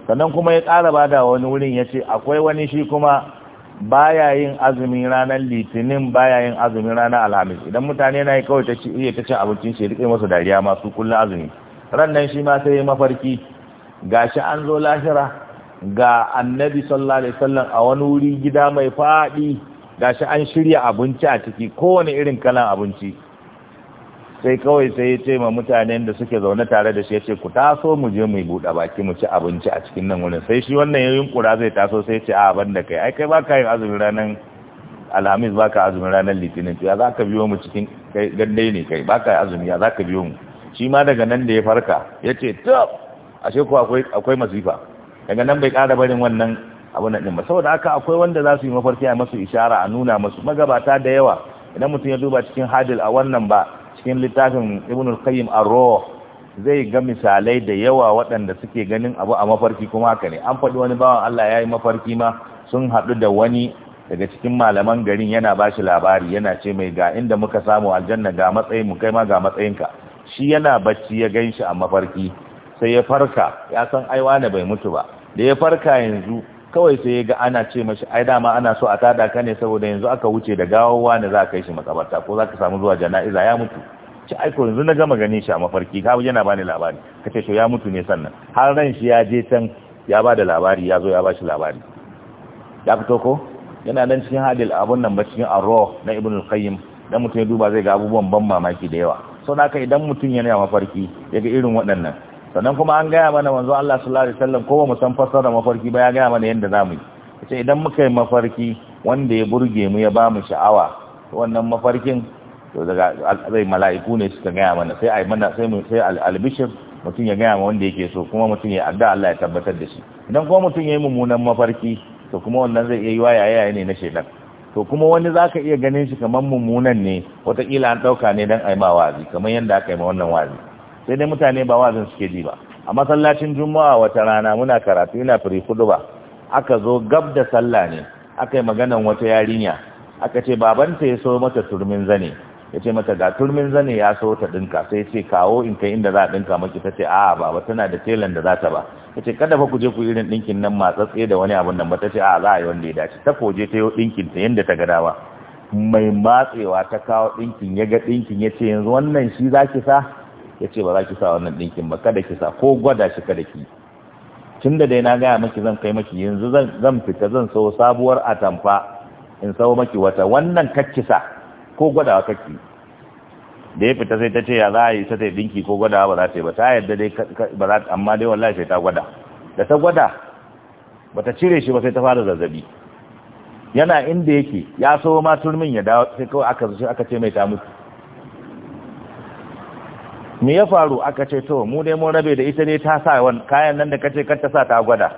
sannan kuma ya kara bada wani wurin ya ce akwai wani shi kuma baya yin azumi ranar litinin baya yin azumi ranar alhamis idan mutane na yi kawai ta iya ta cin abincin shi ya rike masa dariya masu kullum azumi ran nan shi ma sai ya mafarki gashi an zo lahira ga annabi sallallahu alaihi wasallam a wani wuri gida mai faɗi gashi an shirya abinci a ciki kowane irin kalan abinci sai kawai sai ya ce ma mutanen da suke zaune tare da shi ya ce ku taso mu je mu yi buɗe baki mu ci abinci a cikin nan wurin sai shi wannan yayin kura zai taso sai ya ce a ban da kai ai kai ba yin azumin ranar alhamis ba ka azumin ranar litinin ya za ka biyo mu cikin kai gandai ne kai ba ka azumi ya za ka biyo mu shi ma daga nan da ya farka ya ce ashe ko akwai akwai masifa daga nan bai kada barin wannan abun nan ba saboda haka akwai wanda zasu yi mafarki a masu ishara a nuna masu magabata da yawa idan mutum ya duba cikin hadil a wannan ba cikin littafin ibnul qayyim ar-ruh zai ga misalai da yawa waɗanda suke ganin abu a mafarki kuma haka ne an faɗi wani bawan Allah ya yi mafarki ma sun haɗu da wani daga cikin malaman garin yana ba shi labari yana ce mai ga inda muka samu aljanna ga matsayin mu kai ma ga matsayinka shi yana bacci ya gan shi a mafarki sai ya farka ya san aiwa ne bai mutu ba da ya farka yanzu kawai sai ya ga ana ce mashi ai dama ana so a tada ka ne saboda yanzu aka wuce da gawawa ne za ka kai shi makabarta ko za ka samu zuwa jana'iza ya mutu ci aiko yanzu na gama ganin shi a mafarki ka yana bani labari ka ce ya mutu ne sannan har ran shi ya je can ya ba da labari ya zo ya ba shi labari ya fito ko yana nan cikin hadil abun nan ba cikin arro na ibn al-qayyim dan mutum ya duba zai ga abubuwan ban mamaki da yawa sau da haka idan mutum yana mafarki ya ga irin waɗannan sannan kuma an gaya mana wanzu Allah sallallahu alaihi wasallam ko ba mu san fassara mafarki ba ya gaya mana yadda zamu yi ce idan muka yi mafarki wanda ya burge mu ya ba mu sha'awa wannan mafarkin to daga zai mala'iku ne suka gaya mana sai ai mana sai mu sai albishir mutum ya gaya ma wanda yake so kuma mutum ya adda Allah ya tabbatar da shi idan kuma mutum ya yi mummunan mafarki to kuma wannan zai iya yi waya yayi ne na shedan to kuma wani za ka iya ganin shi kamar mummunan ne wataƙila an ɗauka ne don ma wazi kamar yadda aka yi ma wannan wazi sai dai mutane ba wazin suke ji ba a masallacin juma'a wata rana muna karatu yana firi kudu ba aka zo gab da sallah ne aka yi maganan wata yarinya aka ce babanta ya so mata turmin zane ya ce mata ga turmin zane ya so ta dinka sai ce kawo in kai inda za a dinka maki ta ce a'a baba tana da telan da za ta ba Ya ce kada fa ku je ku irin dinkin nan matsatse da wani abun nan ba ta ce a'a za a yi wanda ya dace ta koje ta yi dinkin ta yadda ta ba mai matsewa ta kawo dinkin ya ga dinkin ya ce yanzu wannan shi za ki sa ya ce ba za ki sa wannan ɗinkin ba kada ki sa ko gwada shi kada ki tun da dai na gaya maki zan kai maki yanzu zan fita zan sau sabuwar atamfa in sau maki wata wannan kakki sa ko gwadawa kakki da ya fita sai ta ce ya za a yi ta tai ɗinki ko gwadawa ba za ta yi ba ta yadda dai ba za ta amma dai wallahi sai ta gwada da ta gwada ba ta cire shi ba sai ta fara zazzabi yana inda yake ya so ma turmin ya dawo sai kawai aka aka ce mai ta mutu me ya faru aka ce to mu dai mun rabe da ita ne ta sa wan kayan nan da kace kar ta sa ta gwada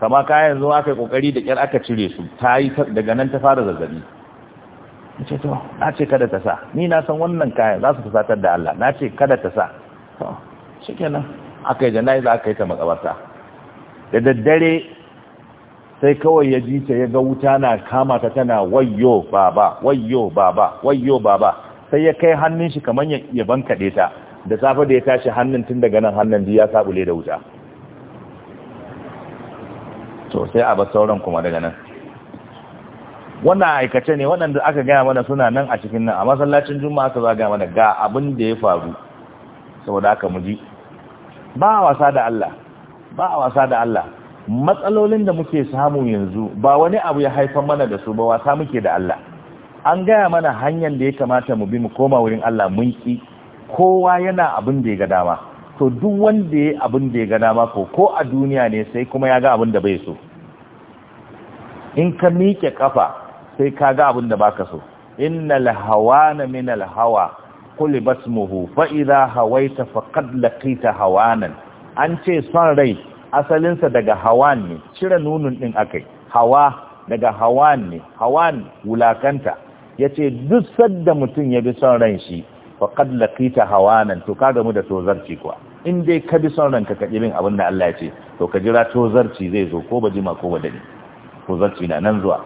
kama kayan zuwa aka kokari da kyar aka cire su ta yi daga nan ta fara zazzabi ce to na ce kada ta sa ni na san wannan kayan za su fusatar da Allah na ce kada ta sa to shikenan aka yi jana'iza aka yi ta makabarta da daddare sai kawai ya ji ta ya ga wuta na kama ta tana wayyo baba wayyo baba wayyo baba sai ya kai hannun shi kamar ya bankaɗe ta da safe da ya tashi hannun tun daga nan hannun ya sabule da wuta to sai a bar sauran kuma daga nan wannan aikace ne waɗanda aka gaya mana suna nan a cikin nan a masallacin juma'a aka zaga mana ga abin da ya faru saboda aka muji ba wasa da Allah ba wasa da Allah matsalolin da muke samu yanzu ba wani abu ya haifar mana da su ba wasa muke da Allah an gaya mana hanyar da ya kamata mu bi mu koma wurin Allah mun ki kowa yana abin da ya ga dama to duk wanda ya abin da ya ga dama ko ko a duniya ne sai kuma ya ga abin da bai so in ka miƙe kafa sai ka ga abin da baka so innal hawana minal hawa kul basmuhu fa idha hawaita faqad laqita hawanan an ce son rai asalinsa daga hawan ne cire nunun din akai hawa daga hawan ne hawan wulakanta yace duk sadda mutum ya bi son ran shi faqad laqita hawanan to ka mu da tozarci kuwa in dai ka bi son ranka ka bin abin da Allah ya ce to ka jira tozarci zai zo ko ba jima ko ba dani tozarci na nan zuwa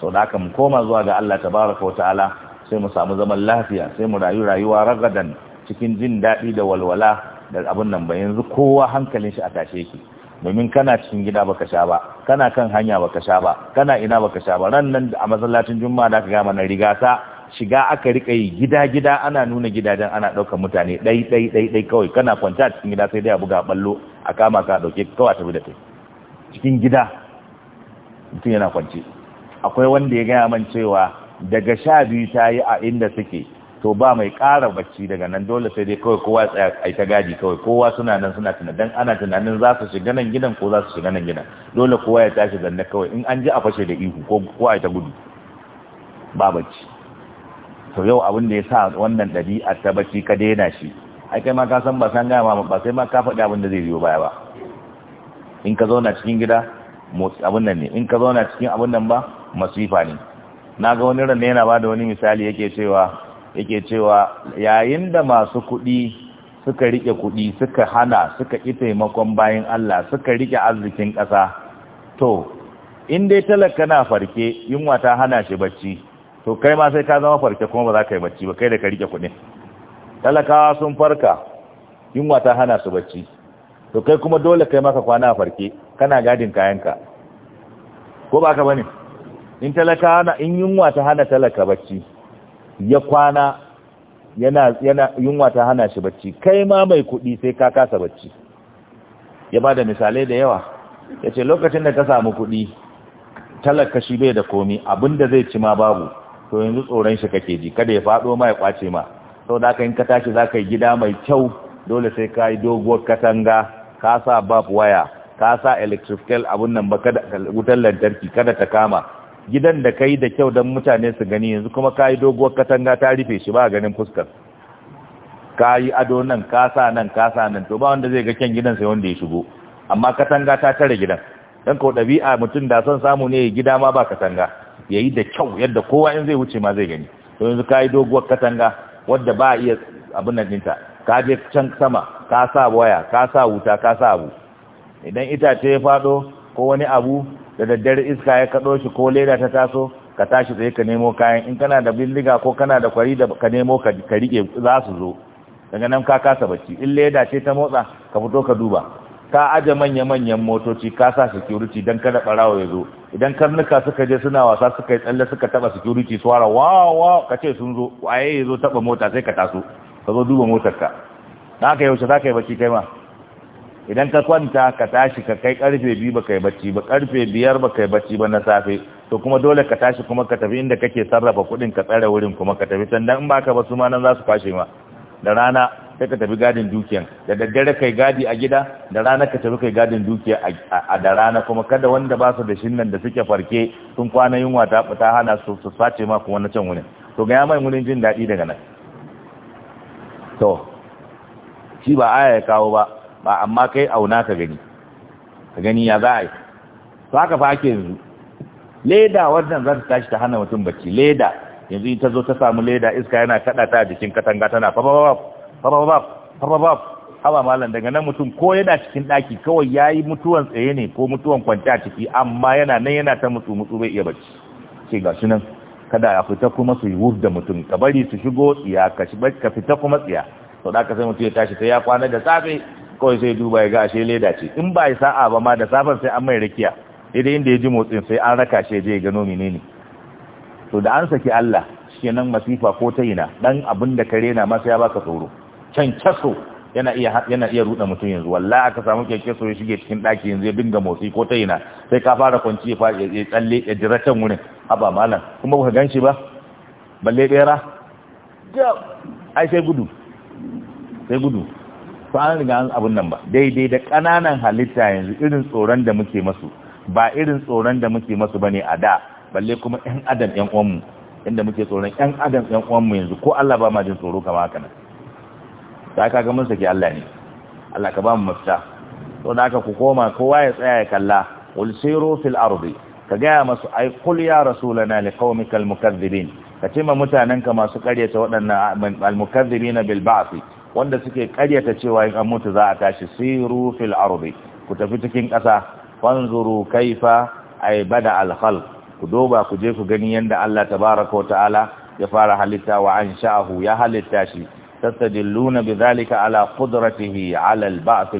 sau da mu koma zuwa ga Allah tabaraka wa ta'ala sai mu samu zaman lafiya sai mu rayu rayuwa ragadan cikin jin daɗi da walwala da abin nan ba yanzu kowa hankalin shi a tashe ki domin kana cikin gida baka sha ba kana kan hanya baka sha ba kana ina baka sha ba ran nan a masallacin juma'a da ka gama na ta. shiga aka rika yi gida-gida ana nuna gidajen ana ɗaukar mutane ɗai ɗai ɗai ɗai kawai kana kwanta a cikin gida sai dai a buga ballo a kama ka ɗauke kawai tafi da kai cikin gida mutum yana kwance akwai wanda ya gaya man cewa daga sha biyu ta yi a inda suke to ba mai ƙara bacci daga nan dole sai dai kawai kowa tsaya a ta gadi kawai kowa suna nan suna tunanin ana tunanin za su shiga nan gidan ko za su shiga nan gidan dole kowa ya tashi zanne kawai in an ji a fashe da ihu ko kowa ta gudu ba bacci to yau abin da ya sa wannan ɗabi'a ta bacci ka daina shi ai kai ma ka san ba san ma ba sai ma ka faɗi abin da zai biyo baya ba in ka zauna cikin gida abin nan ne in ka zauna cikin abin nan ba masifa ne na ga wani ran yana bada wani misali yake cewa yake cewa yayin da masu kuɗi suka rike kuɗi suka hana suka ki taimakon bayan Allah suka rike arzikin ƙasa to in dai talaka na farke yunwa ta hana shi bacci to kai ma sai ka zama farke kuma ba za ka yi bacci ba kai da ka rike kuɗin talakawa sun farka yunwa ta hana su bacci to kai kuma dole kai maka kwana a farke kana gadin kayanka ko ba ka bane in talakawa na in yunwa ta hana talaka bacci ya kwana yana yana yunwa ta hana shi bacci kai ma mai kuɗi sai ka kasa bacci ya bada misalai da yawa yace lokacin da ka samu kuɗi talaka shi bai da komi abinda zai ci ma babu to yanzu tsoron shi kake ji kada ya faɗo ma ya kwace ma sau da in ka tashi za ka yi gida mai kyau dole sai ka yi doguwar katanga ka sa bab waya ka sa electrical abun nan ba wutar lantarki kada ta kama gidan da ka yi da kyau don mutane su gani yanzu kuma ka yi doguwar katanga ta rufe shi ba ganin fuskar ka yi ado nan ka sa nan ka sa nan to ba wanda zai ga kyan gidan sai wanda ya shigo amma katanga ta tare gidan don ko ɗabi'a mutum da son samu ne gida ma ba katanga ya yi da kyau yadda kowa in zai wuce ma zai gani to yanzu ka yi doguwar katanga wadda ba a iya abin nan ɗinta ka je can sama ka sa waya ka sa wuta ka sa abu idan itace ya faɗo ko wani abu da daddare iska ya kaɗo shi ko leda ta taso ka tashi tsaye ka nemo kayan in kana da bindiga ko kana da kwari da ka nemo ka riƙe za su zo daga nan ka kasa bacci in leda ce ta motsa ka fito ka duba ka aje manya-manyan motoci ka sa security don kada barawa ya zo idan karnuka suka je suna wasa suka yi tsalle suka taba security su wara wawa ka ce sun zo waye ya zo taba mota sai ka taso ka zo duba motarka na ka yaushe za ka yi bacci kai ma idan ka kwanta ka tashi ka kai karfe biyu ba kai bacci ba karfe biyar ba kai bacci ba na safe to kuma dole ka tashi kuma ka tafi inda kake sarrafa kuɗin ka tsare wurin kuma ka tafi sannan in baka ba su ma nan za su kwashe ma da rana sai ka tafi gadin dukiyan da daddare kai gadi a gida da rana ka tafi kai gadin dukiya a da rana kuma kada wanda ba su da shinnan da suke farke sun kwana yunwa ta ta hana su su sace ma kuma na can wurin to ga ya mai wurin jin daɗi daga nan to shi ba aya ya kawo ba ba amma kai auna ka gani ka gani ya za yi to haka fa ake yanzu leda wannan za ta tashi ta hana mutum bacci leda yanzu ta zo ta samu leda iska yana kada ta jikin katanga tana fa rabab rabab haba malam daga nan mutum ko yana cikin daki kawai yayi mutuwan tsaye ne ko mutuwan kwanta ciki amma yana nan yana ta mutu mutu bai iya bacci ce gashi nan kada ya fita kuma su yi da mutum ka bari su shigo tsiya ka ka fita kuma tsiya to da ka sai mutum ya tashi sai ya kwana da safe kawai sai duba ya ga ashe leda ce in ba ya sa'a ba ma da safan sai an mai rakiya daidai inda ya ji motsin sai an raka shi je ya gano ne. to da an saki Allah shi nan masifa ko ta ina dan abin da kare na masa ya baka tsoro kyankyaso yana iya yana iya ruda mutum yanzu wallahi aka samu kyankyaso ya shige cikin daki yanzu ya dinga motsi ko ta ina sai ka fara kwanci ya ya tsalle ya jira can wurin haba malam kuma ka ganshi ba balle bera ai sai gudu sai gudu fa an riga abun nan ba daidai da ƙananan halitta yanzu irin tsoron da muke masu ba irin tsoron da muke masu bane a da balle kuma ƴan adam ƴan uwanmu inda muke tsoron ƴan adam ƴan uwanmu yanzu ko Allah ba ma jin tsoro kamar haka nan da aka ga mun saki Allah ne Allah ka ba mu mafita to da aka ku koma kowa ya tsaya ya kalla qul siru fil ardi ka ga masu ai qul ya rasulana liqaumikal mukaththibin ka ce ma ka masu karyata waɗannan al-mukaththibina bil ba'th wanda suke karyata cewa in an mutu za a tashi siru fil ardi ku tafi cikin ƙasa fanzuru kaifa ay bada al khalq ku doba ku je ku gani yanda Allah tabaaraka wa ta'ala ya fara halitta wa sha'ahu ya halitta shi tastadilluna zalika ala qudratihi ala al-ba'th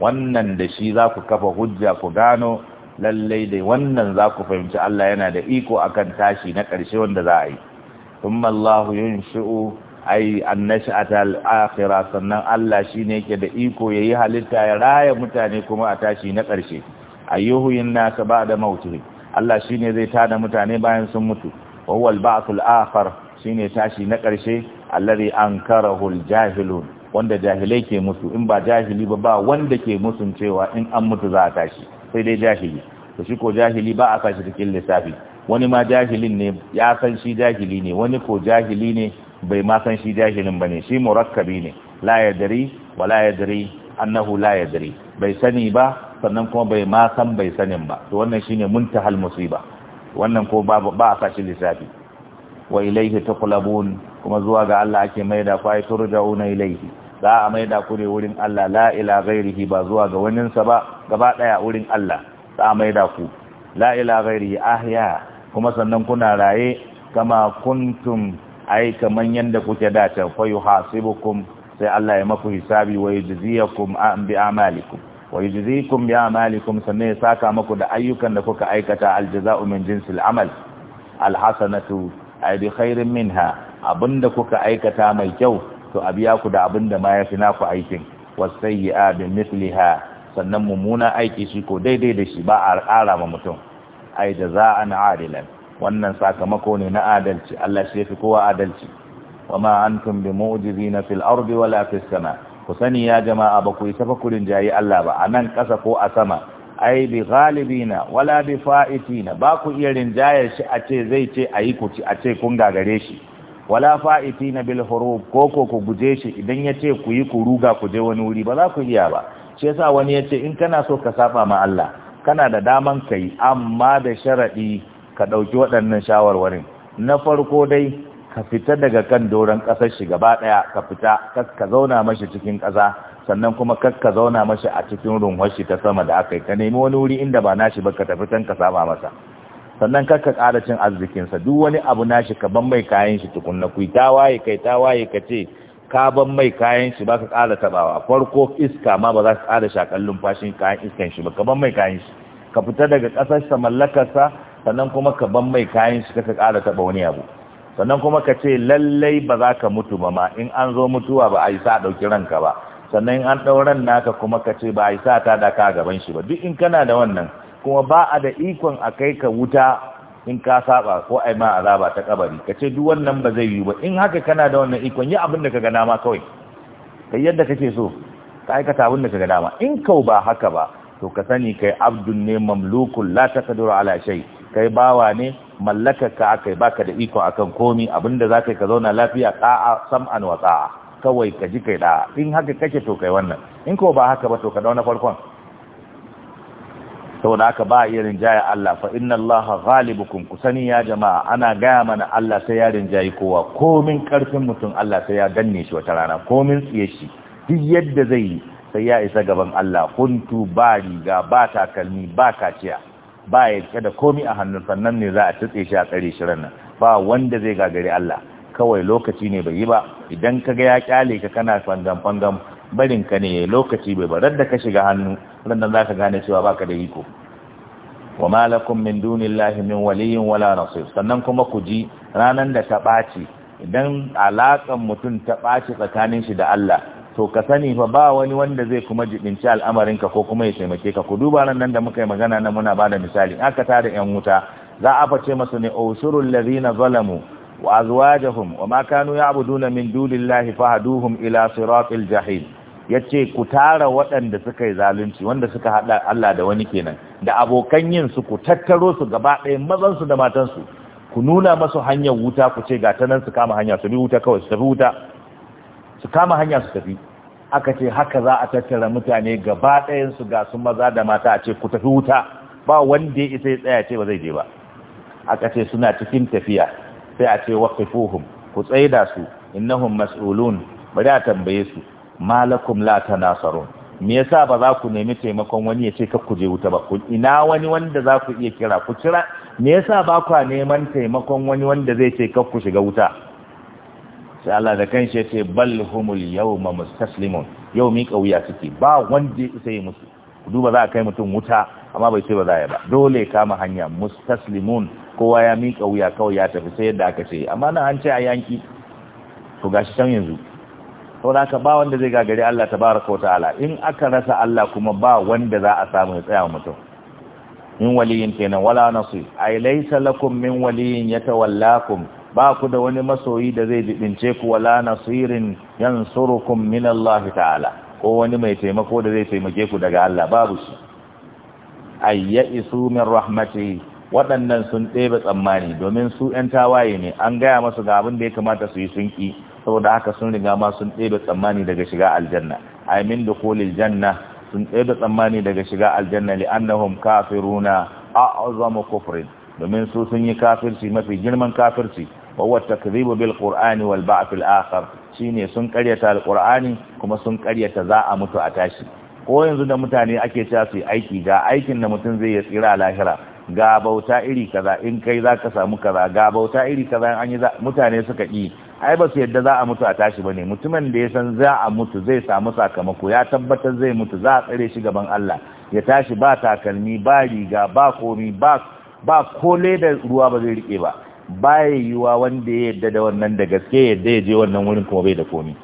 wannan da shi za ku kafa hujja ku gano lallai dai wannan za ku fahimci Allah yana da iko akan tashi na ƙarshe wanda za a yi thumma Allahu yunshi'u ai annash'ata a akhirah sannan Allah ne yake da iko yayi halitta ya raya mutane kuma a tashi na ƙarshe nasa ba ba'da mautu. Allah shine zai tada mutane bayan sun mutu wa huwa al shi ne shine tashi na ƙarshe alladhi ankarahu aljahilun wanda jahilai ke musu in ba jahili ba ba wanda ke musun cewa in an mutu za a tashi sai dai jahili to shi ko jahili ba a sashi cikin lissafi wani ma jahilin ne ya san shi jahili ne wani ko jahili ne bai ma san shi jahilin bane shi murakkabi ne la yadri wa la yadri annahu la yadri bai sani ba sannan kuma bai ma san bai sanin ba to wannan shine muntahal musiba wannan ko ba ba a sashi lissafi wa ilaihi taqlabun kuma zuwa ga Allah ake maida ku ay turja'una laifi za a maida ku ne wurin Allah la ila ghairihi ba zuwa ga sa ba gaba daya wurin Allah za a maida ku la ila ghairihi ahya kuma sannan kuna raye kama kuntum ai kaman yanda kuke da ta fa yuhasibukum sai Allah ya maku hisabi wa yujziyakum bi a'malikum wa yujzikum bi a'malikum sannan ya saka maku da ayyukan da kuka aikata aljaza'u min jinsil amal alhasanatu ay bi khairin minha abinda kuka aikata mai kyau to a biya ku da abinda ma yafi naku aikin wasayyi'a bi mithliha sannan mummuna aiki shi ko daidai da shi ba a ƙara ma mutum ai jaza'an adilan wannan sakamako ne na adalci Allah shi yafi kowa adalci wama antum bi mu'jizina fil ardi wala fis sama ku sani ya jama'a ba ku yi tafakurin jayi Allah ba a nan ƙasa ko a sama ai bi ghalibina wala bi fa'itina ba ku iya rinjayar shi a ce zai ce ayi ku ci a ce kun gagare shi wala fa'itina bil hurub ko ko ku guje shi idan ya ce ku yi ku ruga ku je wani wuri ba za ku iya ba shi yasa wani ya ce in kana so ka saba ma Allah kana da daman kai amma da sharadi ka dauki waɗannan shawarwarin na farko dai ka fita daga kan doron ƙasar shi gaba ɗaya ka fita ka zauna mashi cikin ƙasa sannan kuma kakka zauna mashi a cikin rumwashi ta sama da aka yi ka nemi wani wuri inda ba nashi ba ka tafi can ka saba masa sannan kakka ƙara cin arzikinsa duk wani abu nashi ka ban mai kayan shi tukunna ku ta waye kai ta waye ka ce ka ban mai kayan shi ba ka ƙara tabawa farko iska ma ba za ka ƙara shakan lumfashin kayan iskan shi ba ka ban mai kayan shi ka fita daga sa mallakarsa sannan kuma ka ban mai kayan shi ka ƙara taɓa wani abu sannan kuma ka ce lallai ba za ka mutu ba ma in an zo mutuwa ba a yi sa ɗauki ranka ba sannan an ɗauran naka kuma ka ce ba a yi sa ta da ka gaban shi ba duk in kana da wannan kuma ba a da ikon a kai ka wuta in ka saba ko a yi ma azaba ta kabari ka ce duk wannan ba zai yi ba in haka kana da wannan ikon yi abin da ka ga ma kawai yi yadda kake so ka aikata abin da ka ga ma in kau ba haka ba to ka sani kai abdun ne mamlukun la taqdiru ala shai kai bawa ne mallakar ka akai baka da iko akan komi abinda za ka zauna lafiya qa'a sam'an wa kawai ka ji kai da in haka kake to kai wannan in ko ba haka ba to ka dauna farkon da haka ba iya rinjaya Allah fa inna Allah ghalibukum kusani ya jama'a ana gaya mana Allah sai ya rinjayi kowa komin karfin mutum Allah sai ya danne shi wata rana komin tsiye shi duk yadda zai yi sai ya isa gaban Allah kuntu ba riga ba takalmi ba kaciya ba ya da komi a hannun sannan ne za a tsitse shi a tsare shi ranar ba wanda zai gagari Allah kawai lokaci ne bai yi ba idan ka ga ya kyale ka kana fangan fangan barin ka ne lokaci bai barar da ka shiga hannu za ka gane cewa ba ka da iko wa ma min dunillahi min waliyyin wala nasir sannan kuma ku ji ranan da ta ɓaci idan alakan mutum ta ɓaci tsakanin shi da Allah to ka sani fa ba wani wanda zai kuma jibinci ka ko kuma ya taimake ka ku duba nan da muka yi magana nan muna bada misali aka tare yan wuta za a face masa ne usurul ladina zalamu وأزواجهم وما كانوا يعبدون من دون الله فهدوهم إلى صراط الجحيم yace ku tara waɗanda suka yi zalunci wanda suka haɗa Allah da wani kenan da abokan yin su ku tattaro su gaba ɗaya mazan su da matan su ku nuna masu hanyar wuta ku ce ga tanan su kama hanya su bi wuta kawai su tafi wuta su kama hanya su tafi aka ce haka za a tattara mutane gaba ɗayan su ga su maza da mata a ce ku tafi wuta ba wanda ya isa ya tsaya ce ba zai je ba aka ce suna cikin tafiya sai a ce waqifuhum ku tsaida su innahum mas'ulun bari a tambaye su malakum la tanasarun me yasa ba za ku nemi taimakon wani ya ce ka ku je wuta ba ku ina wani wanda za ku iya kira ku kira me yasa ba ku neman taimakon wani wanda zai ce ka ku shiga wuta sai Allah da kanshi ya ce bal humul yawma mustaslimun yau mi kauya suke ba wanda ya yi musu duba za a kai mutum wuta amma bai ce ba za ya ba dole kama hanya mustaslimun kowa ya miƙa wuya kawai ya tafi sai yadda aka ce amma na an ce a yanki to gashi can yanzu da aka ba wanda zai gagari Allah tabaraka ta'ala. in aka rasa Allah kuma ba wanda za a samu ya tsaya mutum min waliyin kenan wala nasu. A laisa lakum min waliyin ya yatawallakum ba ku da wani masoyi da zai dibince ku wala nasirin yansurukum min Allah ta'ala ko wani mai taimako da zai taimake ku daga Allah babu shi ayya isu min rahmatihi waɗannan sun ɗebe tsammani domin su 'yan tawaye ne an gaya masu ga abin da ya kamata su yi sun ƙi saboda haka sun riga ma sun ɗebe tsammani daga shiga aljanna aimin da kolil janna sun ɗebe tsammani daga shiga aljanna li'annahum kafiruna a'azamu kufrin domin su sun yi kafirci mafi girman kafirci wa huwa takdhibu bil qur'ani wal ba'th al akhar shine sun ƙaryata al qur'ani kuma sun ƙaryata za a mutu a tashi ko yanzu da mutane ake cewa su aiki ga aikin da mutum zai yi tsira lahira ga bauta iri kaza in kai za ka samu kaza ga bauta iri kaza an yi mutane suka yi ai ba su yadda za a mutu a tashi bane mutumin da ya san za a mutu zai samu sakamako ya tabbatar zai mutu za a tsare shi gaban Allah ya tashi ba takalmi ba riga ba komi ba ba kole da ruwa ba zai rike ba ba yiwuwa wanda ya yadda da wannan da gaske yadda ya je wannan wurin kuma bai da komi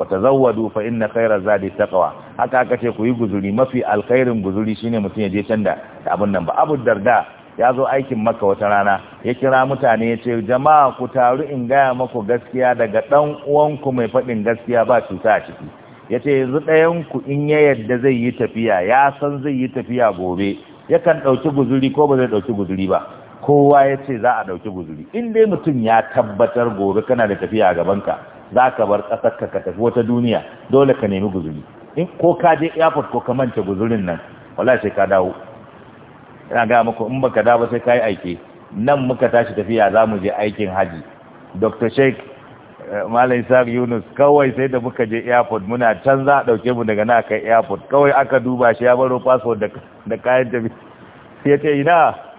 wa tazawwadu fa inna khayra zadi taqwa haka aka ce ku yi guzuri mafi alkhairin guzuri shine mutum ya je can da abun nan ba Abu Darda ya zo aikin Makka wata rana ya kira mutane ya ce jama'a ku taru in gaya maku gaskiya daga dan uwanku mai faɗin gaskiya ba cuta a ciki ya ce yanzu ɗayan ku in ya yadda zai yi tafiya ya san zai yi tafiya gobe yakan ɗauki guzuri ko ba zai ɗauki guzuri ba kowa ya ce za a ɗauki guzuri in dai mutum ya tabbatar gobe kana da tafiya a gabanka za ka bar ƙasar ka tafi wata duniya dole ka nemi guzuri in ko ka je airport ko ka manta guzurin nan wala sai ka dawo ina ga muku in baka dawo sai ka yi aiki nan muka tashi tafiya za mu je aikin haji dr sheikh eh, malam isa yunus kawai sai da muka je airport muna can za a ɗauke mu daga na kai airport kawai aka duba shi ya baro passport da kayan tafi sai ya ce ina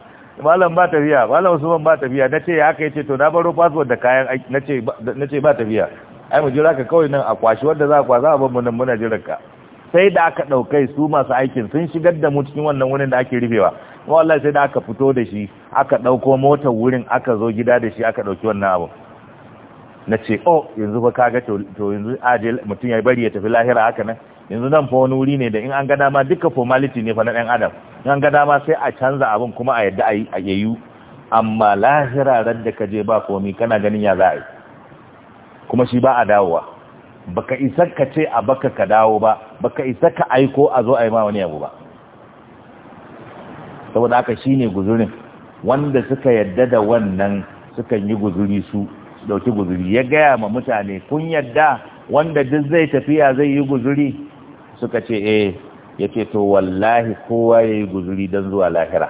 malam ba tafiya malam usman ba tafiya na ce haka yace to na baro passport da kayan na ce na ce ba tafiya ai mu jira ka kawai nan a kwashi wanda za a za a mu nan muna jira ka sai da aka daukai su masu aikin sun shigar da mu cikin wannan wurin da ake rufewa kuma wallahi sai da aka fito da shi aka dauko motar wurin aka zo gida da shi aka dauki wannan abu na ce oh yanzu ba kaga to yanzu aje mutum ya bari ya tafi lahira haka nan yanzu nan fa wani wuri ne da in an ga dama duka formality ne fa na ɗan adam in an ga dama sai a canza abin kuma a yadda a yayu amma lahira ran da ka je ba komi kana ganin ya za a yi kuma shi ba a dawowa baka isa ka ce a baka ka dawo ba baka isa ka aiko a zo a yi ma wani abu ba saboda haka shine guzurin wanda suka yadda da wannan suka yi guzuri su dauki guzuri ya gaya ma mutane kun yadda wanda duk zai tafiya zai yi guzuri suka ce eh yace to wallahi kowa ya yi guzuri don zuwa lahira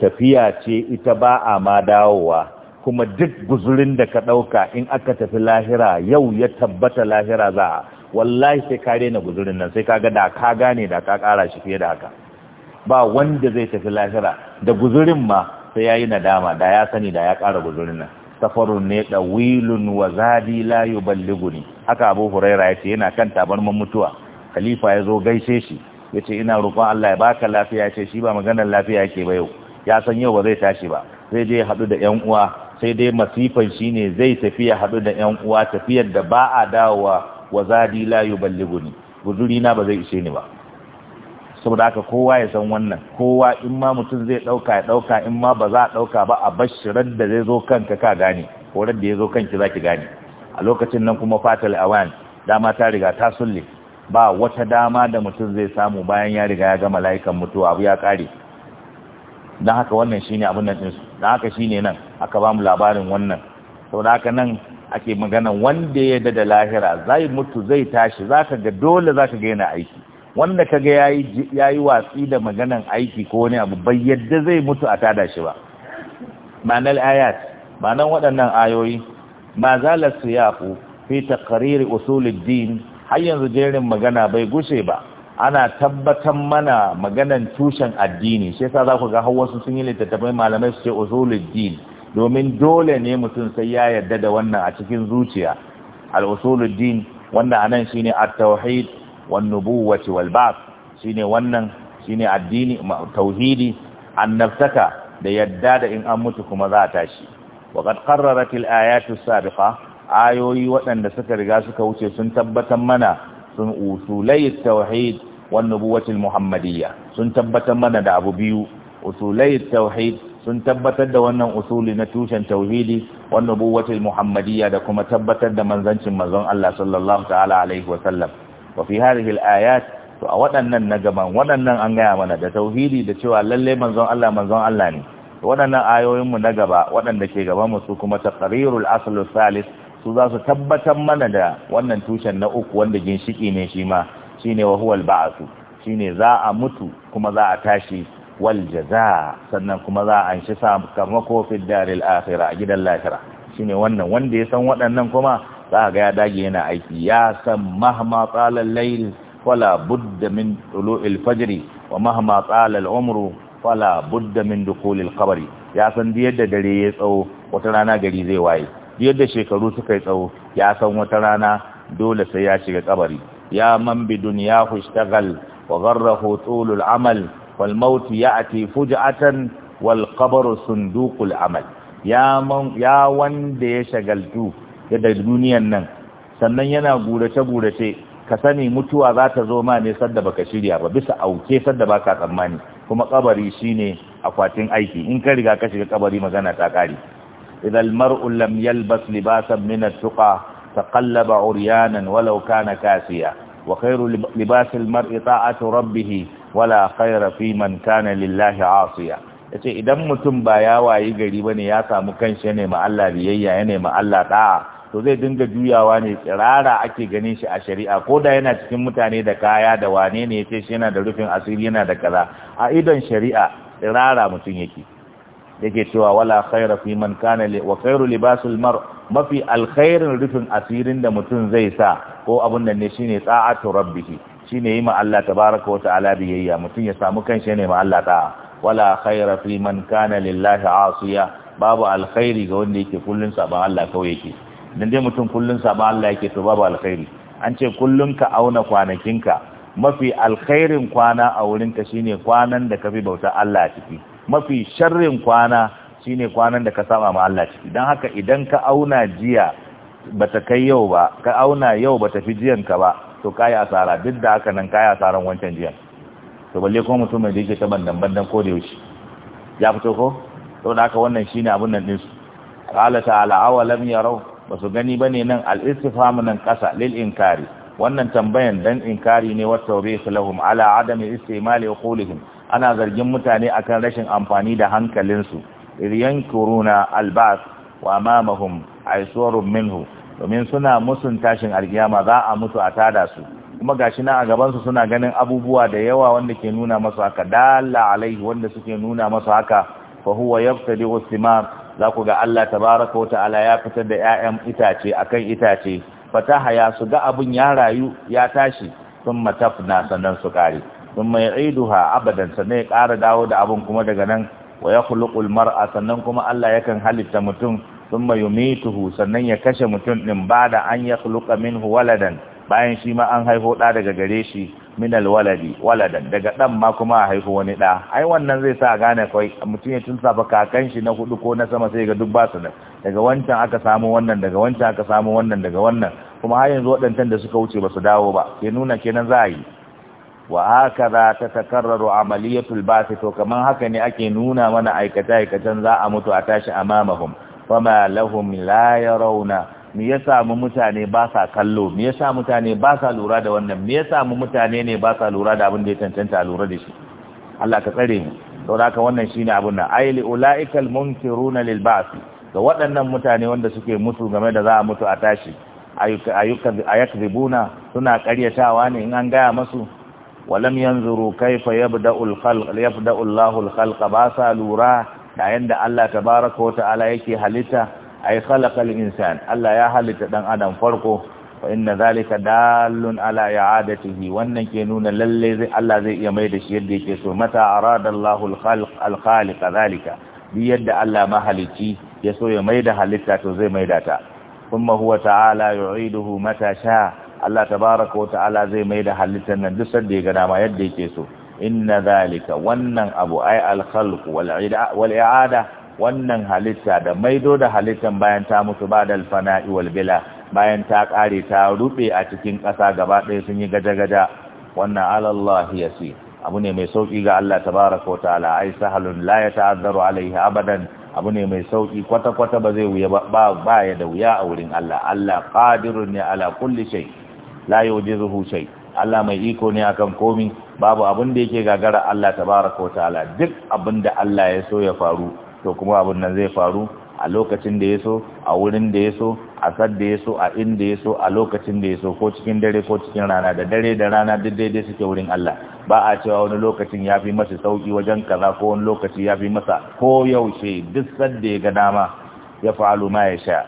tafiya ce ita ba a ma dawowa kuma duk guzurin da ka ɗauka, in aka tafi lahira yau ya tabbata lahira za a wallahi sai ka daina guzurin nan sai kaga da ka gane da ka kara shi fiye da haka ba wanda zai tafi lahira da guzurin ma sai ya yayi nadama da ya sani da ya kara guzurin nan safarun ne ɗawilun wa zadi layu balliguni haka abu huraira ya ce yana kan tabarman mutuwa khalifa ya zo gaishe shi ya ce ina roƙon Allah ya baka lafiya ce shi ba maganar lafiya yake ba yau ya san yau ba zai tashi ba zai je haɗu da ƴan uwa sai dai masifan shi ne zai tafiya ya haɗu da ƴan uwa tafiyar da ba a dawowa wa zadi la yuballiguni guduri na ba zai ishe ni ba saboda haka kowa ya san wannan kowa in ma mutum zai ɗauka ya ɗauka in ma ba za a ɗauka ba a bashirar da zai zo kanka ka gane ko da ya zo kanki za ki gane a lokacin nan kuma fatal awan dama ta riga ta sulle ba wata dama da mutum zai samu bayan ya riga ya gama mala'ikan mutuwa abu ya kare don haka wannan shine abin nan ɗinsu don haka shine nan aka ba mu labarin wannan sau da haka nan ake magana wanda ya da lahira zai mutu zai tashi za ka ga dole za ka ga aiki wanda ka ga ya yi watsi da maganan aiki ko wani abu bai yadda zai mutu a tada shi ba manal ayat manan waɗannan ayoyi ma zalar su yafu fi taqariri usulul din har yanzu jerin magana bai gushe ba ana tabbatar mana maganan tushen addini shi yasa za ku ga har wasu sun yi littattafai malamai su ce usuluddin domin dole ne mutum sai ya yarda da wannan a cikin zuciya al usuluddin wanda anan shine at-tauhid wan nubuwwati wal ba'th shine wannan shine addini tauhidi annabtaka da yadda da in an mutu kuma za a tashi وقد قررت الآيات السابقة ayoyi waɗanda suka riga suka wuce sun tabbatar mana sun usulai tawhid wan nubuwatil muhammadiyya sun tabbatar mana da abu biyu usulai tawhid sun tabbatar da wannan usuli na tushen tauhidi wan nubuwatil muhammadiyya da kuma tabbatar da manzancin manzon Allah sallallahu ta'ala alaihi wa sallam wa fi hadhihi al-ayat to a waɗannan na gaban waɗannan an gaya mana da tauhidi da cewa lalle manzon Allah manzon Allah ne waɗannan ayoyinmu na gaba waɗanda ke gaban su kuma taqrirul aslus salis su za su tabbatar mana da wannan tushen na uku wanda ginshiki ne shi ma shine wa huwal ba'su shine za a mutu kuma za a tashi wal jaza sannan kuma za a anshi sakamako fi daril akhirah a gidan lahira shine wannan wanda ya san waɗannan kuma za ga ya dage yana aiki ya san mahma tsalal layl fala budda min tulu'il fajri wa mahma tsalal umru fala budda min dukhulil kabari ya san da yadda dare ya tsawo wata rana gari zai waye yadda shekaru suka yi tsawo ya san wata rana dole sai ya shiga kabari ya man bi hu shtagal wa gharrahu tulul amal wal maut ya'ti fuj'atan wal qabr sunduqul amal ya man ya wanda ya shagaltu da duniyan nan sannan yana gurace gurace ka sani mutuwa za ta zo ma ne sadda baka shirya ba bisa auke sadda baka tsammani kuma kabari shine akwatin aiki in ka riga ka shiga kabari magana ta kare إذا المرء لم يلبس لباسا من التقى تقلب عريانا ولو كان كاسيا وخير لباس المرء طاعة ربه ولا خير في من كان لله عاصيا yace idan mutum ba ya wayi gari bane ya samu kanshi ne ma Allah biyayya ne ma Allah da'a to zai dinga juyawa ne tsirara ake ganin shi a shari'a ko da yana cikin mutane da kaya da wane ne yace shi yana da rufin asiri yana da kaza a idon shari'a tsirara mutum yake yake cewa wala khaira fi man kana wa khairu libasul mar mafi alkhairin rufin asirin da mutum zai sa ko abun nan ne shine tsa'atu rabbih shine yi ma Allah tabaaraka wa ta'ala biyayya mutum ya samu kanshi ne ma Allah ta wala khaira fi man kana lillahi asiya babu alkhairi ga wanda yake kullun saban Allah kawai yake dan dai mutum kullun saban Allah yake to babu alkhairi an ce kullun ka auna kwanakinka mafi alkhairin kwana a wurinka shine kwanan da kafi bauta Allah a ciki mafi sharrin kwana shine kwanan da ka saba ma Allah ciki dan haka idan ka auna jiya bata kai yau ba ka auna yau bata fi jiyan ka ba to kai asara duk da haka nan kai asaran wancan jiya. to balle ko mutum mai da ta bandan bandan ko da yushi ya fito ko saboda haka wannan shine abun nan din su qala ta'ala aw lam yaraw basu gani bane nan al-istifham nan kasa lil inkari wannan tambayan dan inkari ne wa tawbih lahum ala adami istimali uqulihim ana zargin mutane akan rashin amfani da hankalinsu iriyan kuruna albas wa mamahum "Aisuwar minhu domin suna musun tashin alkiyama za a mutu a tada su kuma gashi na a gabansu suna ganin abubuwa da yawa wanda ke nuna masu haka dalla alaihi wanda suke nuna masu haka fa huwa yabtadi usman za ku ga Allah tabaraka wata ala, ya fitar da 'ya'yan itace akan itace fataha ya su ga abun ya rayu ya tashi sun matafna sannan su kare ثم يعيدها ابدا sai ya kara dawo da abun kuma daga nan wa yakhluqul mar'a sannan kuma Allah yakan halitta mutum thumma yumituhu sannan ya kashe mutum din bada an yakhluqa minhu waladan bayan shi ma an haifo da daga gare shi minal alwaladi waladan daga dan ma kuma a haifo wani da ai wannan zai sa gane kai mutum ya tunsa bakakan shi na hudu ko na sama sai ga duk ba daga wancan aka samu wannan daga wancan aka samu wannan daga wannan kuma har yanzu wadantan da suka wuce ba dawo ba ke nuna kenan za a yi wa haka za ta tatakarraru amaliyatul basi to kaman haka ne ake nuna mana aikata aikatan za a mutu a tashi amamahum fama lahum la yarawna me yasa mu mutane ba sa kallo me yasa mutane ba sa lura da wannan me yasa mu mutane ne ba sa lura da abin da ya cancanta a lura da shi Allah ka tsare mu don haka wannan shine abin nan ayli ulaikal munkiruna lil basi ga waɗannan mutane wanda suke mutu game da za a mutu a tashi ayyuka ayyuka suna ƙaryatawa ne in an gaya masu walam yanzuru kaifa yabda'ul khalq yabda'u Allahu al-khalqa ba sa lura da yanda Allah tabaaraka wa ta'ala yake halitta ay khalaqal insan Allah ya halitta dan adam farko wa inna zalika dalun ala i'adatihi wannan ke nuna lalle zai Allah zai iya mai da shi yadda yake so mata arada Allahu al-khalq al zalika bi yadda Allah mahalici ya so ya mai da halitta to zai mai da ta kuma huwa ta'ala yu'iduhu mata sha Allah tabaraka wa ta'ala zai mai da halittar nan duk sanda ya ga dama yadda yake so inna zalika wannan abu ai al khalq wal i'ada wannan halitta da maido da halittar bayan ta mutu ba da fana'i wal bila bayan ta kare ta rube a cikin ƙasa gaba ɗaya sun yi gaja-gaja wannan alallahi yasi abu ne mai sauki ga Allah tabaraka wa ta'ala ai sahalun la yata'azzaru alaihi abadan abu ne mai sauki kwata-kwata ba zai wuya ba ba ya da wuya a wurin Allah Allah qadirun ne ala kulli shay la yujizuhu shay Allah mai iko ne akan komi babu abin da yake gagara Allah tabaraka ta'ala duk abin da Allah ya so ya faru to kuma abin nan zai faru a lokacin da ya a wurin da ya a sad da ya a inda yaso a lokacin da yaso so ko cikin dare ko cikin rana da dare da rana duk daidai suke wurin Allah ba a cewa wani lokacin ya fi masa sauki wajen kaza ko wani lokaci ya fi masa ko yaushe duk sad da ya ga dama ya fa'alu ma ya sha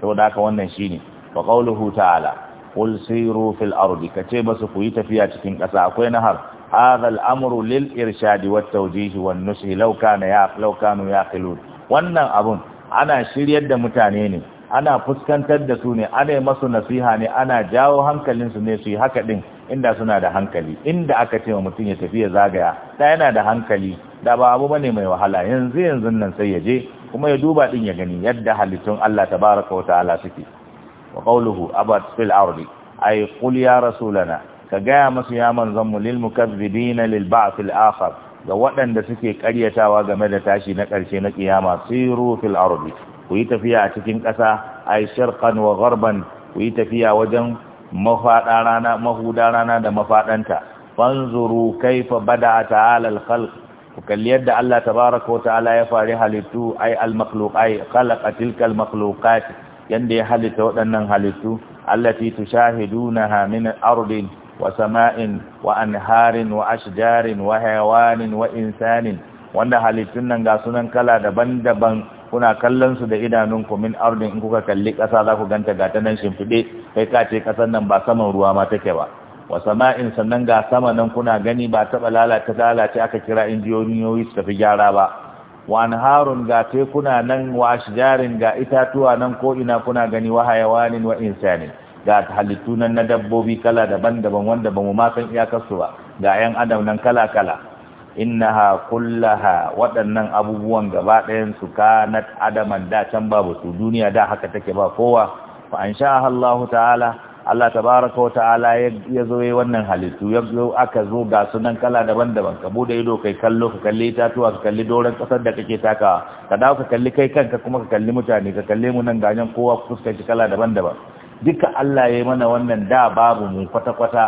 saboda haka wannan shine wa qawluhu ta'ala qul siru fil ardi kace basu ku yi tafiya cikin ƙasa akwai nahar hadha al-amru lil irshadi wat tawjihi wan nushi law kana ya law kanu yaqilun wannan abun ana shiryar da mutane ne ana fuskantar da su ne ana masu nasiha ne ana jawo hankalinsu ne su yi haka din inda suna da hankali inda aka ce wa mutum ya tafi zagaya da yana da hankali da ba abu bane mai wahala yanzu yanzu nan sai ya je kuma ya duba din ya gani yadda halittun Allah tabaraka wa ta'ala suke wa qawluhu abat fil ardi ay qul ya rasulana ka gaya masu ya manzon mu lil mukazzibina lil ba'th al akhar ga waɗanda suke ƙaryatawa game da tashi na ƙarshe na kiyama siru fil ardi ku tafiya a cikin ƙasa ay sharqan wa gharban ku yi tafiya wajen mafaɗa rana mahuda rana da mafaɗanta fanzuru kaifa bada ta'ala al ku kalli yadda Allah ta wa ta'ala ya fari halittu ay al-makhluq ay khalaqa tilka yanda ya halitta waɗannan halittu allati tushahidunaha min ardin wa sama'in wa anharin wa ashjarin wa hayawanin wa insanin wanda halittun nan ga sunan kala daban-daban kuna kallon su da idanunku min ardin in kuka kalli ƙasa za ku ganta ga ta nan shimfiɗe kai ka ce ƙasar nan ba saman ruwa ma take ba wa sama'in sannan ga sama nan kuna gani ba taɓa lalata lalace aka kira injiniyoyi su tafi gyara ba wani harun ga tekuna nan wa shigarin ga itatuwa nan ko ina kuna gani wa hayawanin wa insanin ga halittu nan na dabbobi kala daban-daban wanda ba mu ma iyakarsu ba ga 'yan adam nan kala-kala Inna kullaha waɗannan abubuwan gaba ɗayan su kanat adaman da can babu su duniya da haka take ba kowa fa an sha Allah ta'ala Allah tabaraka wa ta'ala ya zo yi wannan halittu ya zo aka zo ga sunan kala daban-daban ka bude ido kai kallo ka kalli tatuwa ka kalli doron kasar da kake taka ka dawo ka kalli kai kanka kuma ka kalli mutane ka kalli mu nan ganyen kowa fuskanci kala daban-daban duka Allah ya yi mana wannan da babu mu kwata-kwata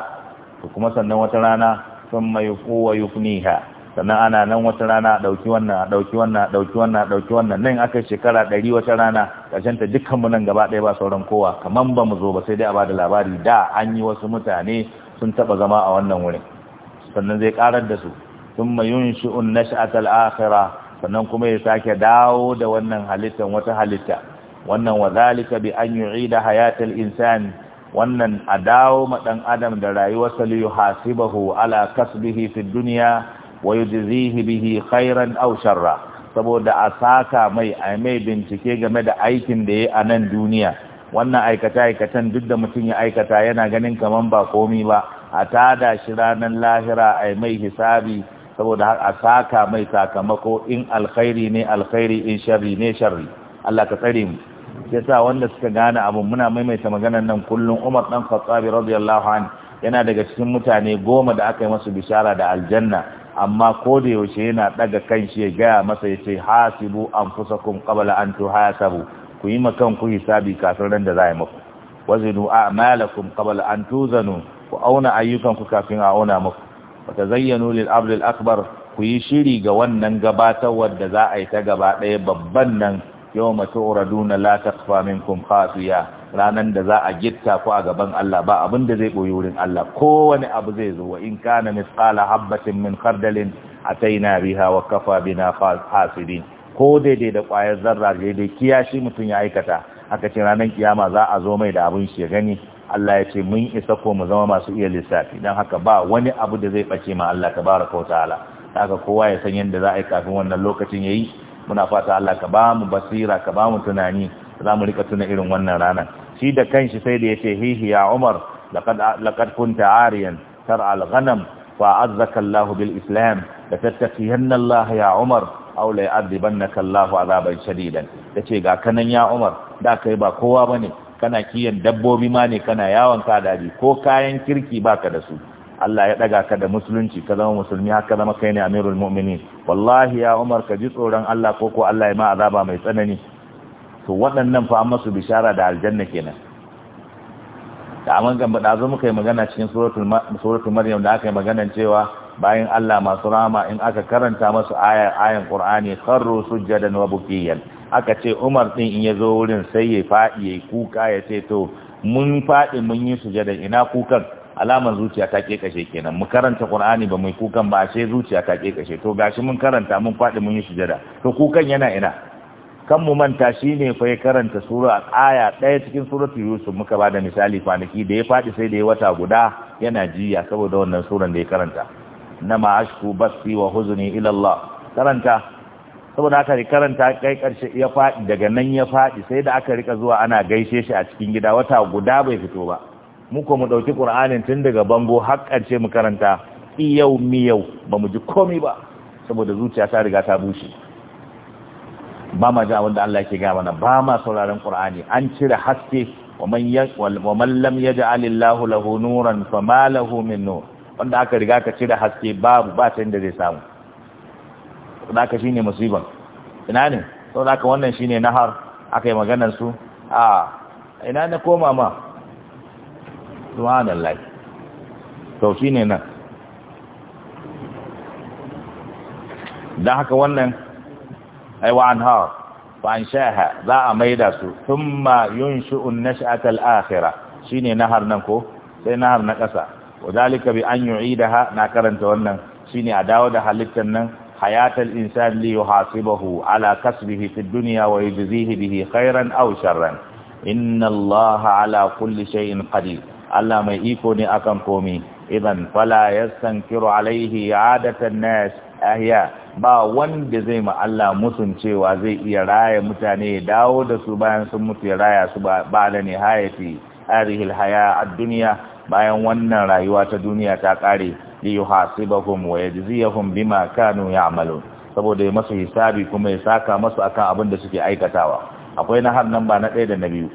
to kuma sannan wata rana sun mai kowa yufniha sannan ana nan wata rana a ɗauki wannan a ɗauki wannan a ɗauki wannan a ɗauki wannan nan aka shekara ɗari wata rana ƙarshen ta dukkan mu nan gaba ɗaya ba sauran kowa kamar ba mu zo ba sai dai a ba da labari da an yi wasu mutane sun taɓa zama a wannan wurin sannan zai ƙarar da su sun mayun shi'un sha'atar akhirah sannan kuma ya sake dawo da wannan halittar wata halitta wannan zalika bi an da hayatal insan wannan a dawo ma dan adam da rayuwarsa li yuhasibahu ala kasbihi fid dunya wa yujzihi bihi khairan au sharra saboda a saka mai a mai bincike game da aikin da yayi a nan duniya wannan aikata aikatan duk da mutum ya aikata yana ganin kaman ba komi ba a tada shi ranar lahira a mai hisabi saboda a saka mai sakamako in alkhairi ne alkhairi in sharri ne sharri Allah ka tsare mu yasa wanda suka gane abun muna maimaita maganar nan kullum Umar dan Khattab radiyallahu anhu yana daga cikin mutane goma da aka yi masu bishara da aljanna amma ko da yaushe yana daga kanshi ya gaya masa ya ce hasibu anfusakum qabla an tuhasabu ku yi makan ku hisabi kafin ran da za a yi muku wazinu a'malakum qabla an tuzanu ku auna ayyukan ku kafin a auna muku wata zayyano lil abd akbar ku yi shiri ga wannan gabatarwar da za a yi ta gaba ɗaya babban nan yawma tu'raduna la takfa minkum khafiya ranan da za a gitta ko a gaban Allah ba abin da zai boye wurin Allah kowane abu zai zo wa in kana misqala habatin min khardalin ataina biha wa kafa bina hasibin ko daidai da kwayar zarra daidai kiyashi mutum ya aikata aka ce ranan kiyama za a zo mai da abin shi gani Allah ya ce mun isa ko mu zama masu iya lissafi dan haka ba wani abu da zai bace ma Allah tabaraka wa ta'ala haka kowa ya san yadda za a yi kafin wannan lokacin yayi muna fata Allah ka ba mu basira ka ba mu tunani za mu rika tuna irin wannan ranar shi da kanshi sai da ce hihi ya umar laqad laqad kunta ariyan tar'a al-ghanam fa azzaka Allah bil islam da tattaqiyanna Allah ya umar aw la yu'adhibannaka Allah azaban shadidan yace ga kanan ya umar da kai ba kowa bane kana kiyan dabbobi ma ne kana yawon ka dadi ko kayan kirki baka da su Allah ya daga ka da musulunci ka zama musulmi haka zama kai ne amirul mu'minin wallahi ya umar ka ji tsoron Allah ko ko Allah ya ma azaba mai tsanani to waɗannan fa an masu bishara da aljanna kenan da amman gamba da zo muka yi magana cikin suratul maryam da aka yi magana cewa bayan Allah masu rama in aka karanta masu ayar ayan qur'ani kharru sujjadan wa bukiyan aka ce Umar din in yazo wurin sai ya fadi ya kuka ya ce to mun fadi mun yi sujada. ina kukan alaman zuciya ta kekashe kenan mu karanta qur'ani ba mu kukan ba sai zuciya ta kekashe to gashi mun karanta mun fadi mun yi sujada to kukan yana ina kan mu manta shi ne fa ya karanta sura aya ɗaya cikin suratu yusuf muka ba da misali kwanaki da ya faɗi sai da ya wata guda yana jiya saboda wannan suran da ya karanta na ma ashku basi wa huzuni ila karanta saboda aka karanta kai karshe ya faɗi daga nan ya faɗi sai da aka rika zuwa ana gaishe shi a cikin gida wata guda bai fito ba mu ko mu dauki qur'anin tun daga bango har karshe mu karanta iyau miyau ba mu ji komai ba saboda zuciya ta riga ta bushe ba ma ji abinda Allah yake gaya mana ba ma sauraron Qur'ani an cire haske wa man lam yaj'al Allahu lahu nuran ma lahu min nur wanda aka riga ka cire haske babu ba ta inda zai samu da aka shine musiban ina ne da aka wannan shine nahar aka yi maganar su a ina ne koma ma subhanallah to shine nan dan haka wannan ai ha anhar wa za a maida su thumma yunshi'u an-nash'ata akhira. Shi ne nahar nan ko sai nahar na kasa wadalika bi an ha na karanta wannan shine a dawo da halittar nan hayatal insan li yuhasibahu ala kasbihi fid duniya wa yujzihi bihi khairan au sharran inna allaha ala kulli shay'in qadir Allah mai iko ne akan komi idan fala yastankiru alaihi 'adatan nas ahiya ba wanda zai ma Allah musun cewa zai iya raya mutane ya dawo da su bayan sun mutu ya raya su ba da nihayati arihil haya a duniya bayan wannan rayuwa ta duniya ta kare li yuhasibahum wa yajziyahum bima kanu ya'malun saboda ya masu hisabi kuma ya saka masu akan abin da suke aikatawa akwai na har nan ba na ɗaya da na biyu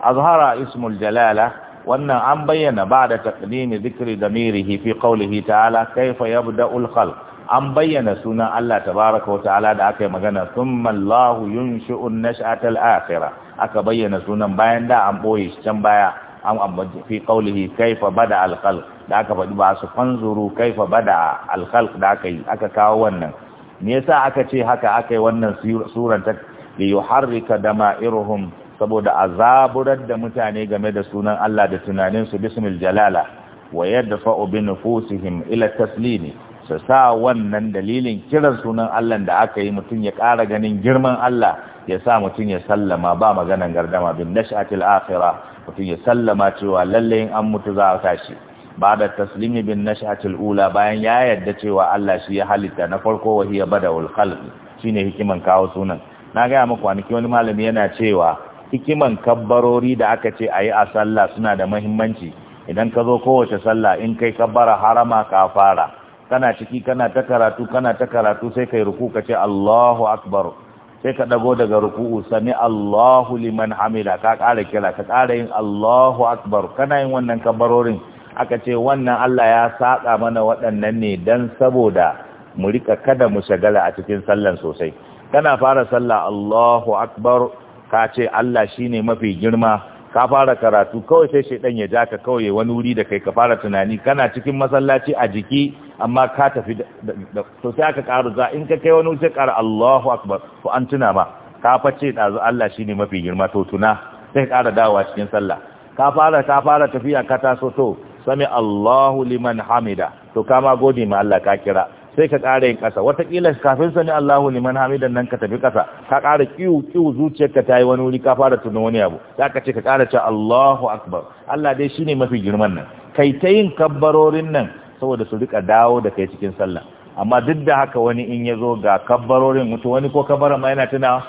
azhara ismul jalala wannan an bayyana ba da taqdimi zikri damirihi fi qawlihi ta'ala kayfa yabda'u khalq an bayyana sunan Allah tabaraka wata'ala da aka yi magana thumma Allahu yunshi'un nash'atal akhirah aka bayyana sunan bayan da an boye shi can baya an ambaci fi qawlihi kaifa bada al da aka faɗi ba su fanzuru kaifa bada al da aka yi aka kawo wannan me yasa aka ce haka aka yi wannan suran ta li yuharrika dama'iruhum saboda azaburar da mutane game da sunan Allah da tunanin su bismil jalala wa yadfa'u bi nufusihim ila taslimi su sa wannan dalilin kiran sunan Allah da aka yi mutum ya ƙara ganin girman Allah ya sa mutum ya sallama ba maganan gardama bin nash'atil akhira mutum ya sallama cewa lalle an mutu za a tashi ba da taslimi bin nash'atil ula bayan ya yarda cewa Allah shi ya halitta na farko wa hiya badawul khalq shine hikiman kawo sunan na ga muku kwanaki wani malami yana cewa hikiman kabbarori da aka ce ayi a sallah suna da muhimmanci idan ka zo kowace sallah in kai kabbara harama ka fara kana ciki kana ta karatu kana ta karatu sai kai ruku ka ce Allahu akbar sai ka dago daga ruku'u Sani Allahu liman hamida ka ƙara kira ka ƙara yin Allahu akbar kana yin wannan kabarorin aka ce wannan Allah ya saka mana waɗannan ne dan saboda mu rika kada mu shagala a cikin sallan sosai kana fara sallah Allahu akbar ka ce Allah shine mafi girma ka fara karatu kawai sai ɗan ya ja ka kawai wani wuri da kai ka fara tunani kana cikin masallaci a jiki amma ka tafi da to sai aka karu za in ka kai wani wuce kara Allahu akbar to an tuna ma ka face dazu Allah shine mafi girma to tuna sai kara dawowa cikin sallah ka fara ka fara tafiya ka taso to sami Allahu liman hamida to kama gode ma Allah ka kira sai ka ƙara yin ƙasa wataƙila kafin sani Allahu liman hamidan nan ka tafi ƙasa ka ƙara kiwu kiwu zuciyarka ta yi wani wuri ka fara tunan wani abu za ka ce ka ƙara ce Allahu akbar Allah dai shine mafi girman nan kai ta yin kabbarorin nan saboda su riƙa dawo da kai cikin sallah amma duk da haka wani in ya zo ga kabbarorin mutu wani ko kabbara ma yana tuna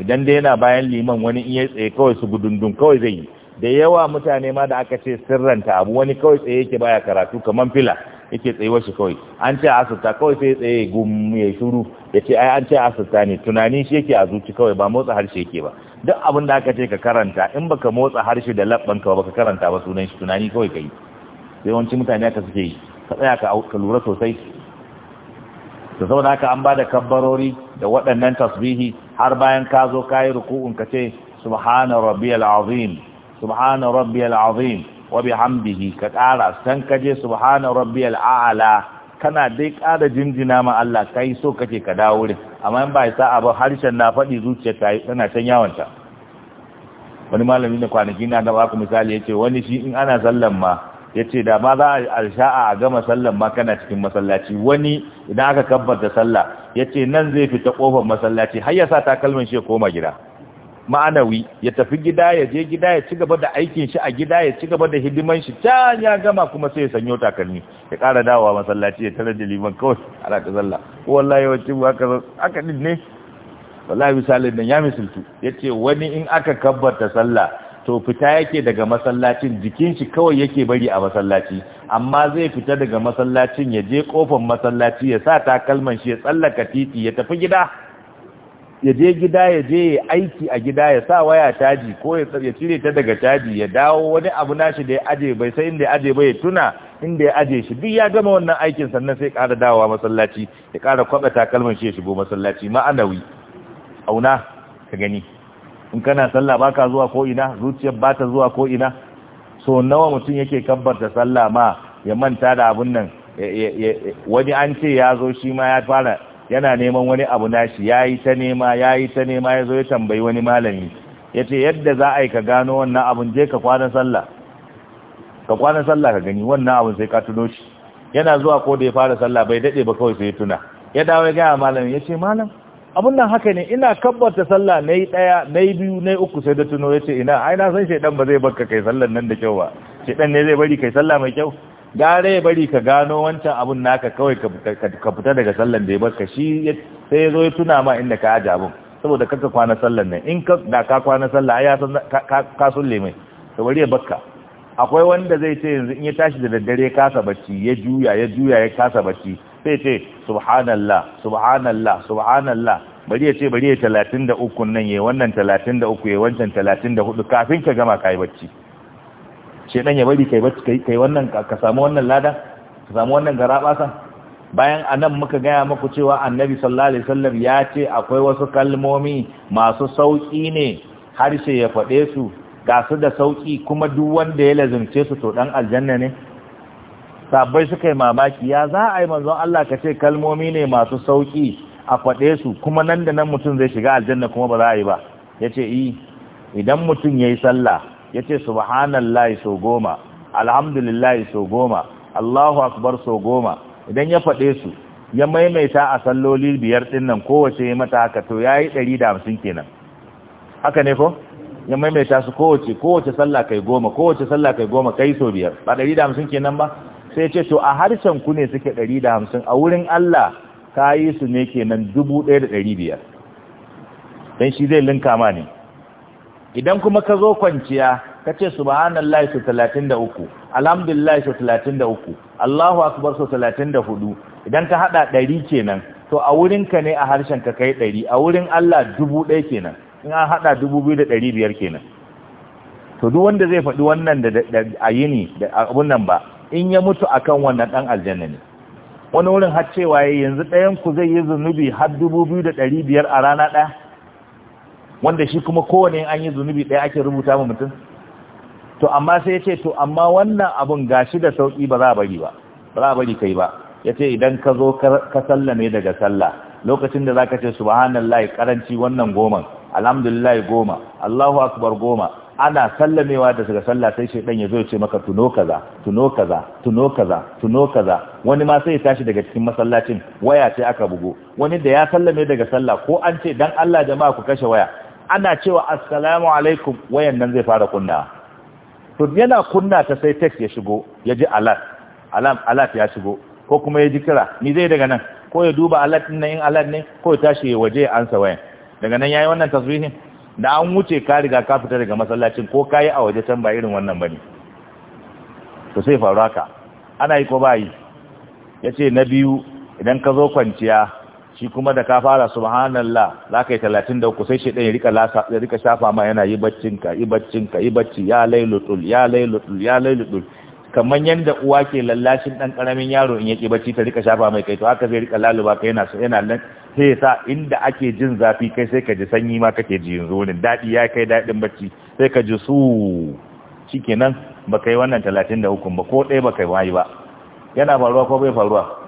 idan dai yana bayan liman wani in ya tsaye kawai su gudundun kawai zai yi da yawa mutane ma da aka ce sirranta abu wani kawai tsaye yake baya karatu kamar fila yake tsayuwar shi kawai an ce asirta kawai sai tsaye gum ya shuru ya ce an ce asirta ne tunani shi yake a zuci kawai ba motsa harshe yake ba duk abin da aka ce ka karanta in baka motsa harshe da labban ka baka karanta ba sunan shi tunani kawai kai sai yawanci mutane aka suke yi ka tsaya ka lura sosai da zauna an ba da kabbarori da waɗannan tasbihi har bayan ka zo ka yi ruku'un ka ce subhana rabbiyal azim subhana rabbiyal azim wa bihamdihi ka kara san ka je subhana rabbiyal a'la kana dai kara jinjina ma Allah kai so kake ka dawo wurin amma in ba ya sa'a ba harshen na faɗi zuciyar ta tana can yawanta wani malami da kwanaki na da baku misali yace wani shi in ana sallan ma yace da ma za a sha'a a gama sallan ma kana cikin masallaci wani idan aka kabbar da sallah yace nan zai fita kofar masallaci har ya sa takalmin shi ya koma gida ma'anawi ya tafi gida ya je gida ya ci gaba da aikin shi a gida ya ci gaba da hidiman shi can ya gama kuma sai ya sanyo takalmi ya ƙara dawowa masallaci ya tare da liman kawai a ta zalla ko wallahi wacce ba aka aka din ne wallahi misalin nan ya misaltu ya ce wani in aka kabbata sallah to fita yake daga masallacin jikin shi kawai yake bari a masallaci amma zai fita daga masallacin ya je kofar masallaci ya sa takalman shi ya tsallaka titi ya tafi gida ya je gida ya je ya aiki a gida ya sa waya caji ko ya cire ta daga taji ya dawo wani abu nashi da ya aje bai sai inda ya aje bai tuna inda ya aje shi duk ya gama wannan aikin sannan sai kara dawowa masallaci ya kara kwaba takalman shi ya shigo masallaci ma'anawi auna ka gani in kana sallah baka zuwa ko ina zuciyar bata zuwa ko ina so nawa mutum yake kabbarta sallah ma ya manta da abun nan wani an ce ya zo shi ma ya fara yana neman wani abu nashi ya yi ta nema ya yi ta nema ya zo ya tambayi wani malami ya ce yadda za a yi ka gano wannan abin je ka kwana sallah ka kwana sallah ka gani wannan abin sai ka tuno shi yana zuwa ko da ya fara sallah bai daɗe ba kawai sai ya tuna ya dawo ya gaya malamin ya ce malam abun nan haka ne ina kabbata sallah na yi ɗaya na biyu na uku sai da tuno ya ce ina ai na san shaidan ba zai barka kai sallan nan da kyau ba shaidan ne zai bari kai sallah mai kyau gare ya bari ka gano wancan abun naka kawai ka fita daga sallan da ya ka shi sai ya zo ya tuna ma inda ka aji abun saboda kaka kwana sallan nan in da ka kwana sallan ya yasan ka sulle mai to bari ya baka akwai wanda zai ce yanzu in ya tashi da daddare kasa bacci ya juya ya juya ya kasa bacci sai ce subhanallah subhanallah subhanallah bari ya ce bari ya 33 nan yayi wannan 33 yayi wancan 34 kafin ka gama kai bacci ɗan ya bari kai yi wannan ka samu wannan lada ka samu wannan garabasa bayan a nan muka gaya maku cewa annabi sallallahu alaihi wasallam ya ce akwai wasu kalmomi masu sauƙi ne harshe ya faɗe su ga su da sauƙi kuma duk wanda ya lazimce su to dan aljanna ne sabbai suka yi mamaki ya za a yi manzon Allah ka ce kalmomi ne masu sauƙi a faɗe su kuma nan da nan mutum zai shiga aljanna kuma ba za a yi ba yace ce eh, idan mutum ya yi sallah Ya ce subhanallah so goma alhamdulillahi so goma Allahu akbar so goma idan ya faɗe su ya maimaita a salloli biyar ɗin nan kowace mata haka to da hamsin kenan haka ne ko ya maimaita su kowace kowace sallah kai goma kowace sallah kai goma kai so biyar ba hamsin kenan ba sai ce to a harshen ku ne suke ɗari da hamsin a wurin Allah ka yi su ne kenan dubu ɗaya da ɗari biyar dan shi zai linka ma ne idan kuma ka zo kwanciya ka ce subhanallahi su talatin da uku, alhamdulillah su talatin da uku, Allahu akbar su talatin da hudu, idan ka hada ɗari kenan to a wurin ne a harshen ka kai ɗari, a wurin Allah dubu ɗaya kenan in an hada biyar kenan to duk wanda zai faɗi wannan da a yi ne da abun nan ba in ya mutu a kan wannan ɗan aljanna ne wani wurin har cewa yanzu ɗayan ku zai yi zunubi har dubu biyu da ɗari biyar a rana ɗaya wanda shi kuma kowane an yi zunubi ɗaya ake rubuta mu mutum to amma sai ya ce to amma wannan abun gashi da sauƙi ba za a bari ba ba za a bari kai ba ya ce idan ka zo ka sallame daga sallah lokacin da za ka ce subhanallah karanci wannan goman alhamdulillah goma allahu akbar goma ana sallamewa da daga sallah sai shaidan ya zo ce maka tuno kaza tuno kaza tuno kaza tuno kaza wani ma sai ya tashi daga cikin masallacin waya sai aka bugo wani da ya sallame daga sallah ko an ce dan Allah jama'a ku kashe waya ana cewa assalamu alaikum wayan nan zai fara kunna to yana kunna ta sai text ya shigo ya ji alert alam alert ya shigo ko kuma ya ji kira ni zai daga nan ko ya duba alert din in alert ne ko ya tashi ya waje ya ansa wayan daga nan yayi wannan tasbihin da an wuce ka riga ka fita daga masallacin ko kayi a waje can ba irin wannan bane to sai faru haka ana yi ko ba yi yace na biyu idan ka zo kwanciya shi kuma da ka fara subhanallah za ka yi talatin da uku sai shi ɗan ya rika shafa ma yana yi baccinka yi baccinka yi bacci ya lailutul ya lailutul ya lailutul kamar yadda uwa ke lallashin ɗan ƙaramin yaro in yake bacci ta rika shafa mai kai to haka zai rika laluba ka yana so yana nan sai sa inda ake jin zafi kai sai ka ji sanyi ma kake ji yanzu wurin daɗi ya kai daɗin bacci sai ka ji su kenan ba kai wannan talatin da hukun ba ko ɗaya ba kai wayi ba yana faruwa ko bai faruwa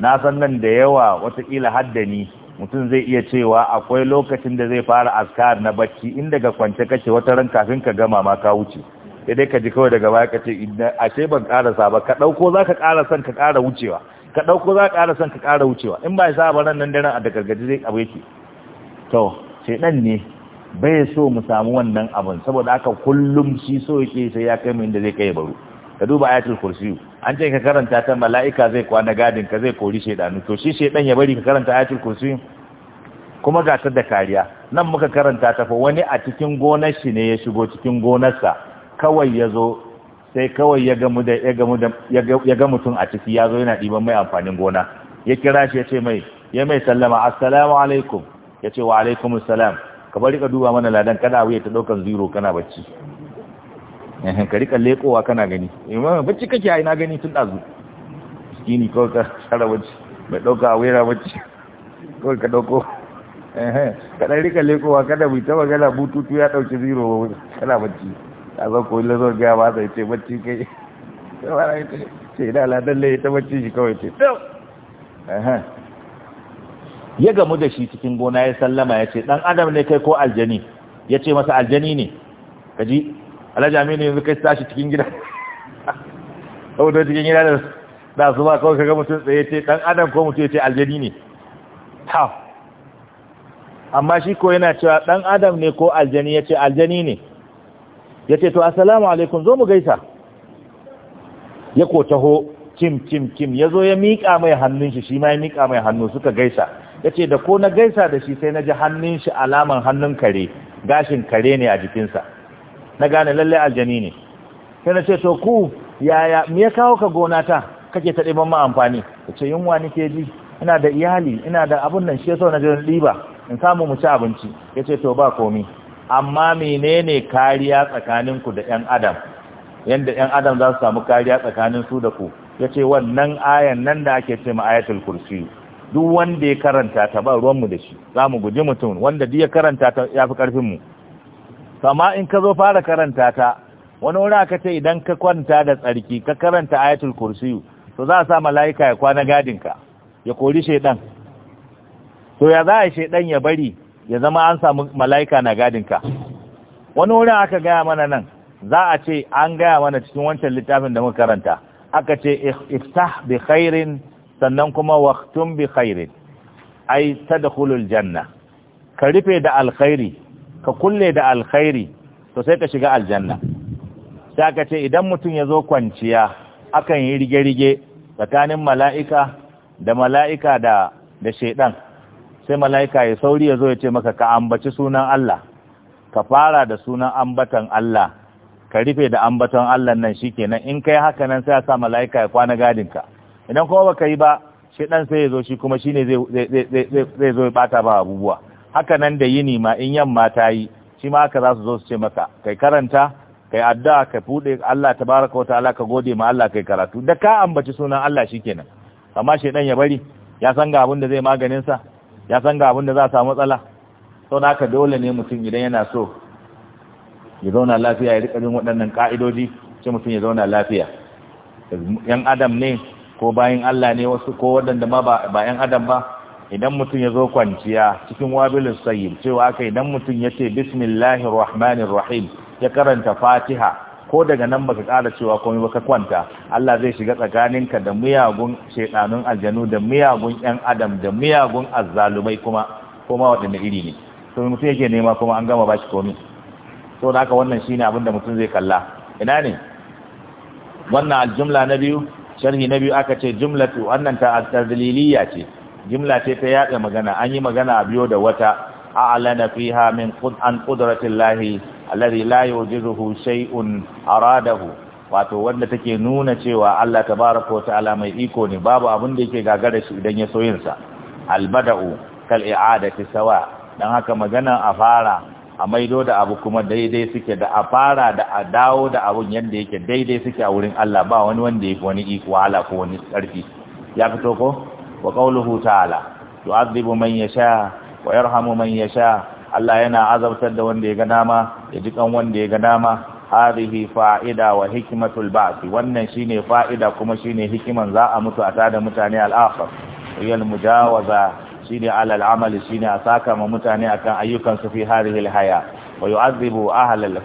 na san nan da yawa watakila haddani mutum zai iya cewa akwai lokacin da zai fara askar na bacci in ga kwance kace wata ran kafin ka gama ma ka wuce sai dai ka ji kawai daga baya kace idan ashe ban karasa ba ka dauko zaka ƙara ka ƙara wucewa ka dauko za ka ƙara ka ƙara wucewa in ba ya saba ran nan daren a daga gargaji zai abu yake to shedan ne bai so mu samu wannan abin saboda haka kullum shi so yake sai ya kai mu inda zai kai baro ka duba ayatul kursiyu an ce ka karanta ta mala'ika zai kwana gadin ka zai kori shaidanu to shi shaidan ya bari ka karanta cikin kursi kuma ga ta da kariya nan muka karanta ta fa wani a cikin gonar shi ne ya shigo cikin gonarsa kawai ya zo sai kawai ya ga mutum a ciki ya zo yana ɗiban mai amfanin gona ya kira shi ya ce mai ya mai sallama assalamu alaikum ya ce wa alaikumus salam ka bari ka duba mana ladan kada wuya ta ɗaukan zero kana bacci ka kalle lekowa kana gani imam bacci kake ai na gani tun dazu ni ko ka sara bacci mai dauka wera bacci ko ka dauko eh ka dan kalle lekowa kada mu ta magana bututu ya dauki zero kana bacci ka zo ko zo ga ba sai ce bacci kai ita ce da la dalle ta bacci shi kawai ce eh ya gamu da shi cikin gona ya sallama ya ce dan adam ne kai ko aljani ya ce masa aljani ne kaji alhaji aminu yanzu kai tashi cikin gida saboda cikin gida da da su ba kawai kaga mutum tsaye ce dan adam ko mutum ce aljani ne ta amma shi ko yana cewa dan adam ne ko aljani ya ce aljani ne ya ce to assalamu alaikum zo mu gaisa ya ko taho kim kim kim ya zo ya miƙa mai hannun shi shi ma ya miƙa mai hannu suka gaisa ya ce da ko na gaisa da shi sai na ji hannun shi alaman hannun kare gashin kare ne a jikinsa na gane lalle aljani ne sai na ce to ku yaya me ya kawo ka gona ta kake ta ɗiban ma amfani ta ce yunwa ke ji ina da iyali ina da abun nan shi yasa na na ɗiba in samu mu ci abinci ya ce to ba komi amma menene kariya tsakaninku da ƴan adam yanda ƴan adam za su samu kariya tsakanin su da ku ya ce wannan ayan nan da ake ce ma ayatul kursi duk wanda ya karanta ta ba ruwanmu da shi za mu guji mutum wanda duk ya karanta ta ya fi ƙarfinmu kama in ka zo fara karanta ta wani wuri aka ce idan ka kwanta da tsarki ka karanta ayatul kursiyu to za a sa mala'ika ya kwana gadinka ya kori shaidan to ya za a shaidan ya bari ya zama an samu mala'ika na gadin ka wani wuri aka gaya mana nan za a ce an gaya mana cikin wancan littafin da muka karanta aka ce iftah bi khairin sannan kuma waqtum bi khairin ai tadkhulul janna ka rufe da alkhairi ka kulle da alkhairi to sai ka shiga aljanna sai aka ce idan mutum ya zo kwanciya akan yi rige-rige tsakanin mala'ika da mala'ika da da shaidan sai mala'ika ya sauri ya zo ya ce maka ka ambaci sunan Allah ka fara da sunan ambatan Allah ka rufe da ambatan Allah nan shi nan in kai haka nan sai ya sa mala'ika ya kwana gadinka idan kuma baka yi ba shaidan sai ya zo shi kuma shine zai zai zo ya bata ba abubuwa haka nan da yini ma in yamma ta yi shi ma haka za su zo su ce maka kai karanta kai addu'a kai fude Allah tabaraka wataala ka gode ma Allah kai karatu da ka ambaci sunan Allah shikenan amma shedan ya bari ya san ga abin da zai maganin sa ya san ga abin da za a samu matsala to da haka dole ne mutum idan yana so ya zauna lafiya ya rika jin waɗannan ka'idoji sai mutum ya zauna lafiya yan adam ne ko bayan Allah ne wasu ko waɗanda ma ba yan adam ba idan mutum ya zo kwanciya cikin wabilin sayyid cewa aka idan mutum ya ce bismillahir rahmanir rahim ya karanta fatiha ko daga nan baka kara cewa komai baka kwanta Allah zai shiga tsakaninka da miyagun shedanun aljanu da miyagun ƴan adam da miyagun azzalumai kuma kuma waɗanda iri ne to mutum yake nema kuma an gama bashi komai to da haka wannan shine abin da mutum zai kalla ina ne wannan aljumla na biyu sharhi na biyu aka ce jumlatu wannan ta al-tadliliyya ce jimla ce ta yatsa magana an yi magana a biyo da wata a'lana ha min an qudratillahi alladhi jiruhu yujizuhu shay'un aradahu wato wanda take nuna cewa Allah ta wa ta'ala mai iko ne babu abin da yake gagara shi idan ya so albada'u kal ta sawa don haka magana a fara a maido da abu kuma daidai suke da a fara da a dawo da abun yadda yake daidai suke a wurin Allah ba wani wanda ya fi wani iko ala ko wani karfi ya fito ko wa qawluhu ta'ala yu'adhibu man yasha wa yarhamu man yasha Allah yana azabtar da wanda ya ga dama ya ji wanda ya ga dama hadhihi fa'ida wa wannan shine fa'ida kuma shine hikiman za a mutu a tada mutane al yal mujawaza shine ala al shine a saka ma mutane akan ayyukan su fi hadhihi al-haya wa yu'adhibu ahla al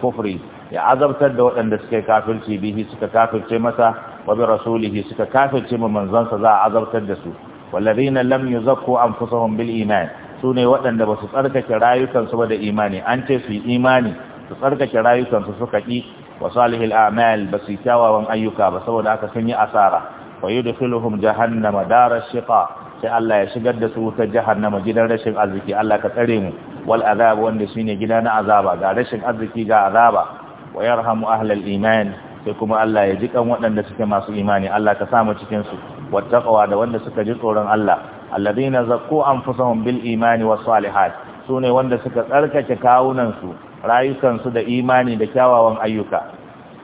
ya azabtar da waɗanda suka kafirci bihi suka kafirce masa wa bi rasulihi suka kafirce ma manzonsa za a azabtar da su wallazina lam yuzakku anfusahum bil iman sune waɗanda ba su tsarkake rayukansu ba da imani an ce su yi imani su tsarkake rayukansu suka ki wa salihil a'mal ba su kyawawan ayyuka ba saboda aka sun yi asara wa yudkhiluhum jahannama darash shiqa sai Allah ya shigar da su ta jahannama gidan rashin arziki Allah ka tsare mu wal azaba wanda shine gida na azaba ga rashin arziki ga azaba wa yarhamu ahlal iman sai kuma Allah ya ji jikan waɗanda suke masu imani Allah ka sa mu cikin su wattaqwa da wanda suka ji tsoron Allah alladhina zakku anfusahum bil imani was salihat sune wanda suka tsarkake kawunan su rayukan su da imani da kyawawan ayyuka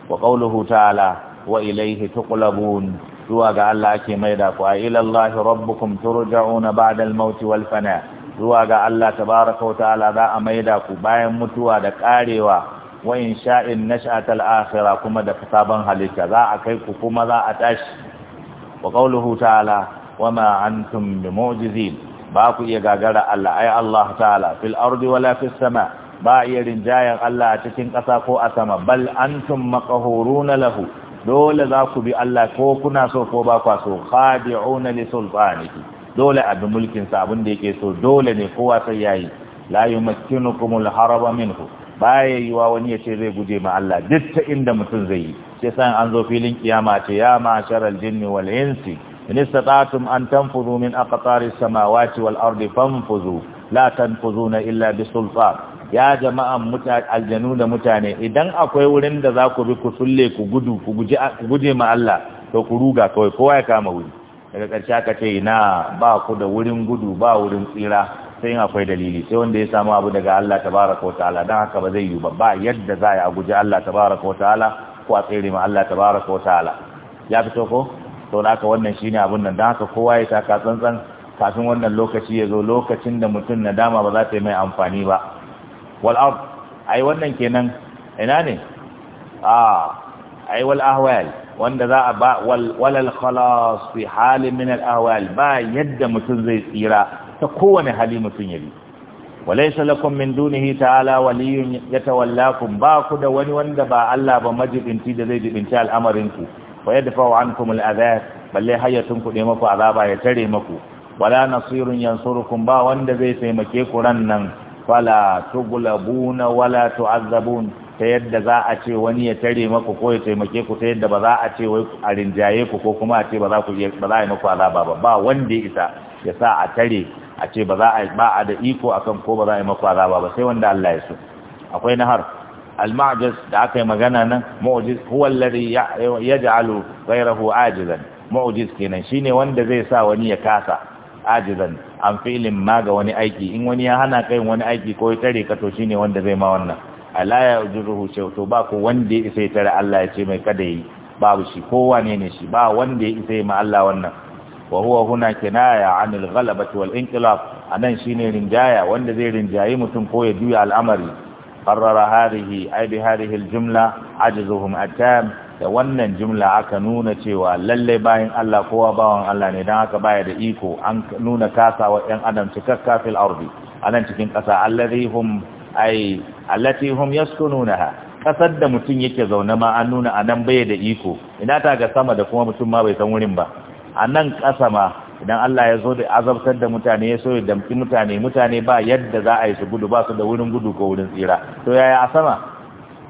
wa qawluhu ta'ala wa ilayhi tuqlabun zuwa ga Allah ake maida ku ila Allah rabbukum turja'una ba'da al-maut wal fana zuwa ga Allah tabaaraka wa ta'ala za a maida ku bayan mutuwa da karewa wa insha'in nash'atal akhirah kuma da sabon halitta za a kai ku kuma za a tashi wa qawluhu ta'ala wa ma antum bimu'jizin ba ku iya gagara Allah ai Allah ta'ala fil ardi wala fis sama ba iya rinjayan Allah a cikin ƙasa ko a sama bal antum na lahu dole za ku bi Allah ko kuna so ko ba kwa so khadi'una li sultanihi dole a bi mulkin sa abin da yake so dole ne kowa sai yayi la yumakkinukumul haraba minhu baya yiwa wani ya ce zai guje ma Allah duk ta inda mutum zai yi sai san an zo filin kiyama ce ya ma'sharal jinni wal insi in istata'tum an tanfudhu min aqtaris samawati wal ardi fanfudhu la tanfudhuna illa bisultan ya jama'an aljanu da mutane idan akwai wurin da za ku bi ku sulle ku gudu ku guje ma Allah to ku ruga kawai kowa ya kama wuri daga ƙarshe aka ce ina ba ku da wurin gudu ba wurin tsira sai yin akwai dalili sai wanda ya samu abu daga Allah tabaraka wa ta'ala don haka ba zai yi ba ba yadda za a guji Allah tabaraka wa ta'ala ko a tsere ma Allah tabaraka wa ta'ala ya fito ko to da haka wannan shine abun nan don haka kowa ya taka tsantsan kafin wannan lokaci ya zo lokacin da mutum nadama ba za ta yi mai amfani ba wal ard ai wannan kenan ina ne a ai wal ahwal wanda za a ba walal khalas fi halin min al ahwal ba yadda mutum zai tsira ta kowane hali mutum ya bi walaysa lakum min dunihi ta'ala waliyun yatawallakum ba ku da wani wanda ba Allah ba majibinci da zai jibinci al'amarin ku wa yadfa'u ankum al'adab balle hayatun ku ne maku azaba ya tare maku wala nasirun yansurukum ba wanda zai taimake ku ran nan fala tughlabuna wala tu'azzabun ta yadda za a ce wani ya tare maku ko ya taimake ku ta yadda ba za a ce wai a rinjaye ku ko kuma a ce ba za ku ba za a yi maku azaba ba ba wanda ya isa ya sa a tare a ce ba za a ba a da iko akan ko ba za a yi maku azaba ba sai wanda Allah ya so akwai nahar al-ma'jaz da aka yi magana nan mu'jiz huwa alladhi yaj'alu ghayrahu ajizan mu'jiz kenan shine wanda zai sa wani ya kasa ajizan an filin ma ga wani aiki in wani ya hana kai wani aiki ko ya tare ka to shine wanda zai ma wannan ala ya ujuruhu shay to ba ko wanda ya isa ya tare Allah ya ce mai kada yi babu shi kowa ne ne shi ba wanda ya isa ya ma Allah wannan wa huwa huna kinaya anil ghalabati wal inqilab anan shine rinjaya wanda zai rinjayi mutum ko ya juya al'amari qarrara hadhihi ay bi hadhihi al jumla ajzuhum atam da wannan jumla aka nuna cewa lalle bayan Allah kowa bawan Allah ne dan haka baya da iko an nuna kasawa yan adam cikakka fil ardi anan cikin kasa allazi hum ay allati hum yaskununaha kasar da mutum yake zaune ma an nuna a nan bai da iko ina ta ga sama da kuma mutum ma bai san wurin ba a nan ƙasa ma idan Allah ya zo da azabtar da mutane ya so ya damfi mutane mutane ba yadda za a yi su gudu ba su da wurin gudu ko wurin tsira to yaya a sama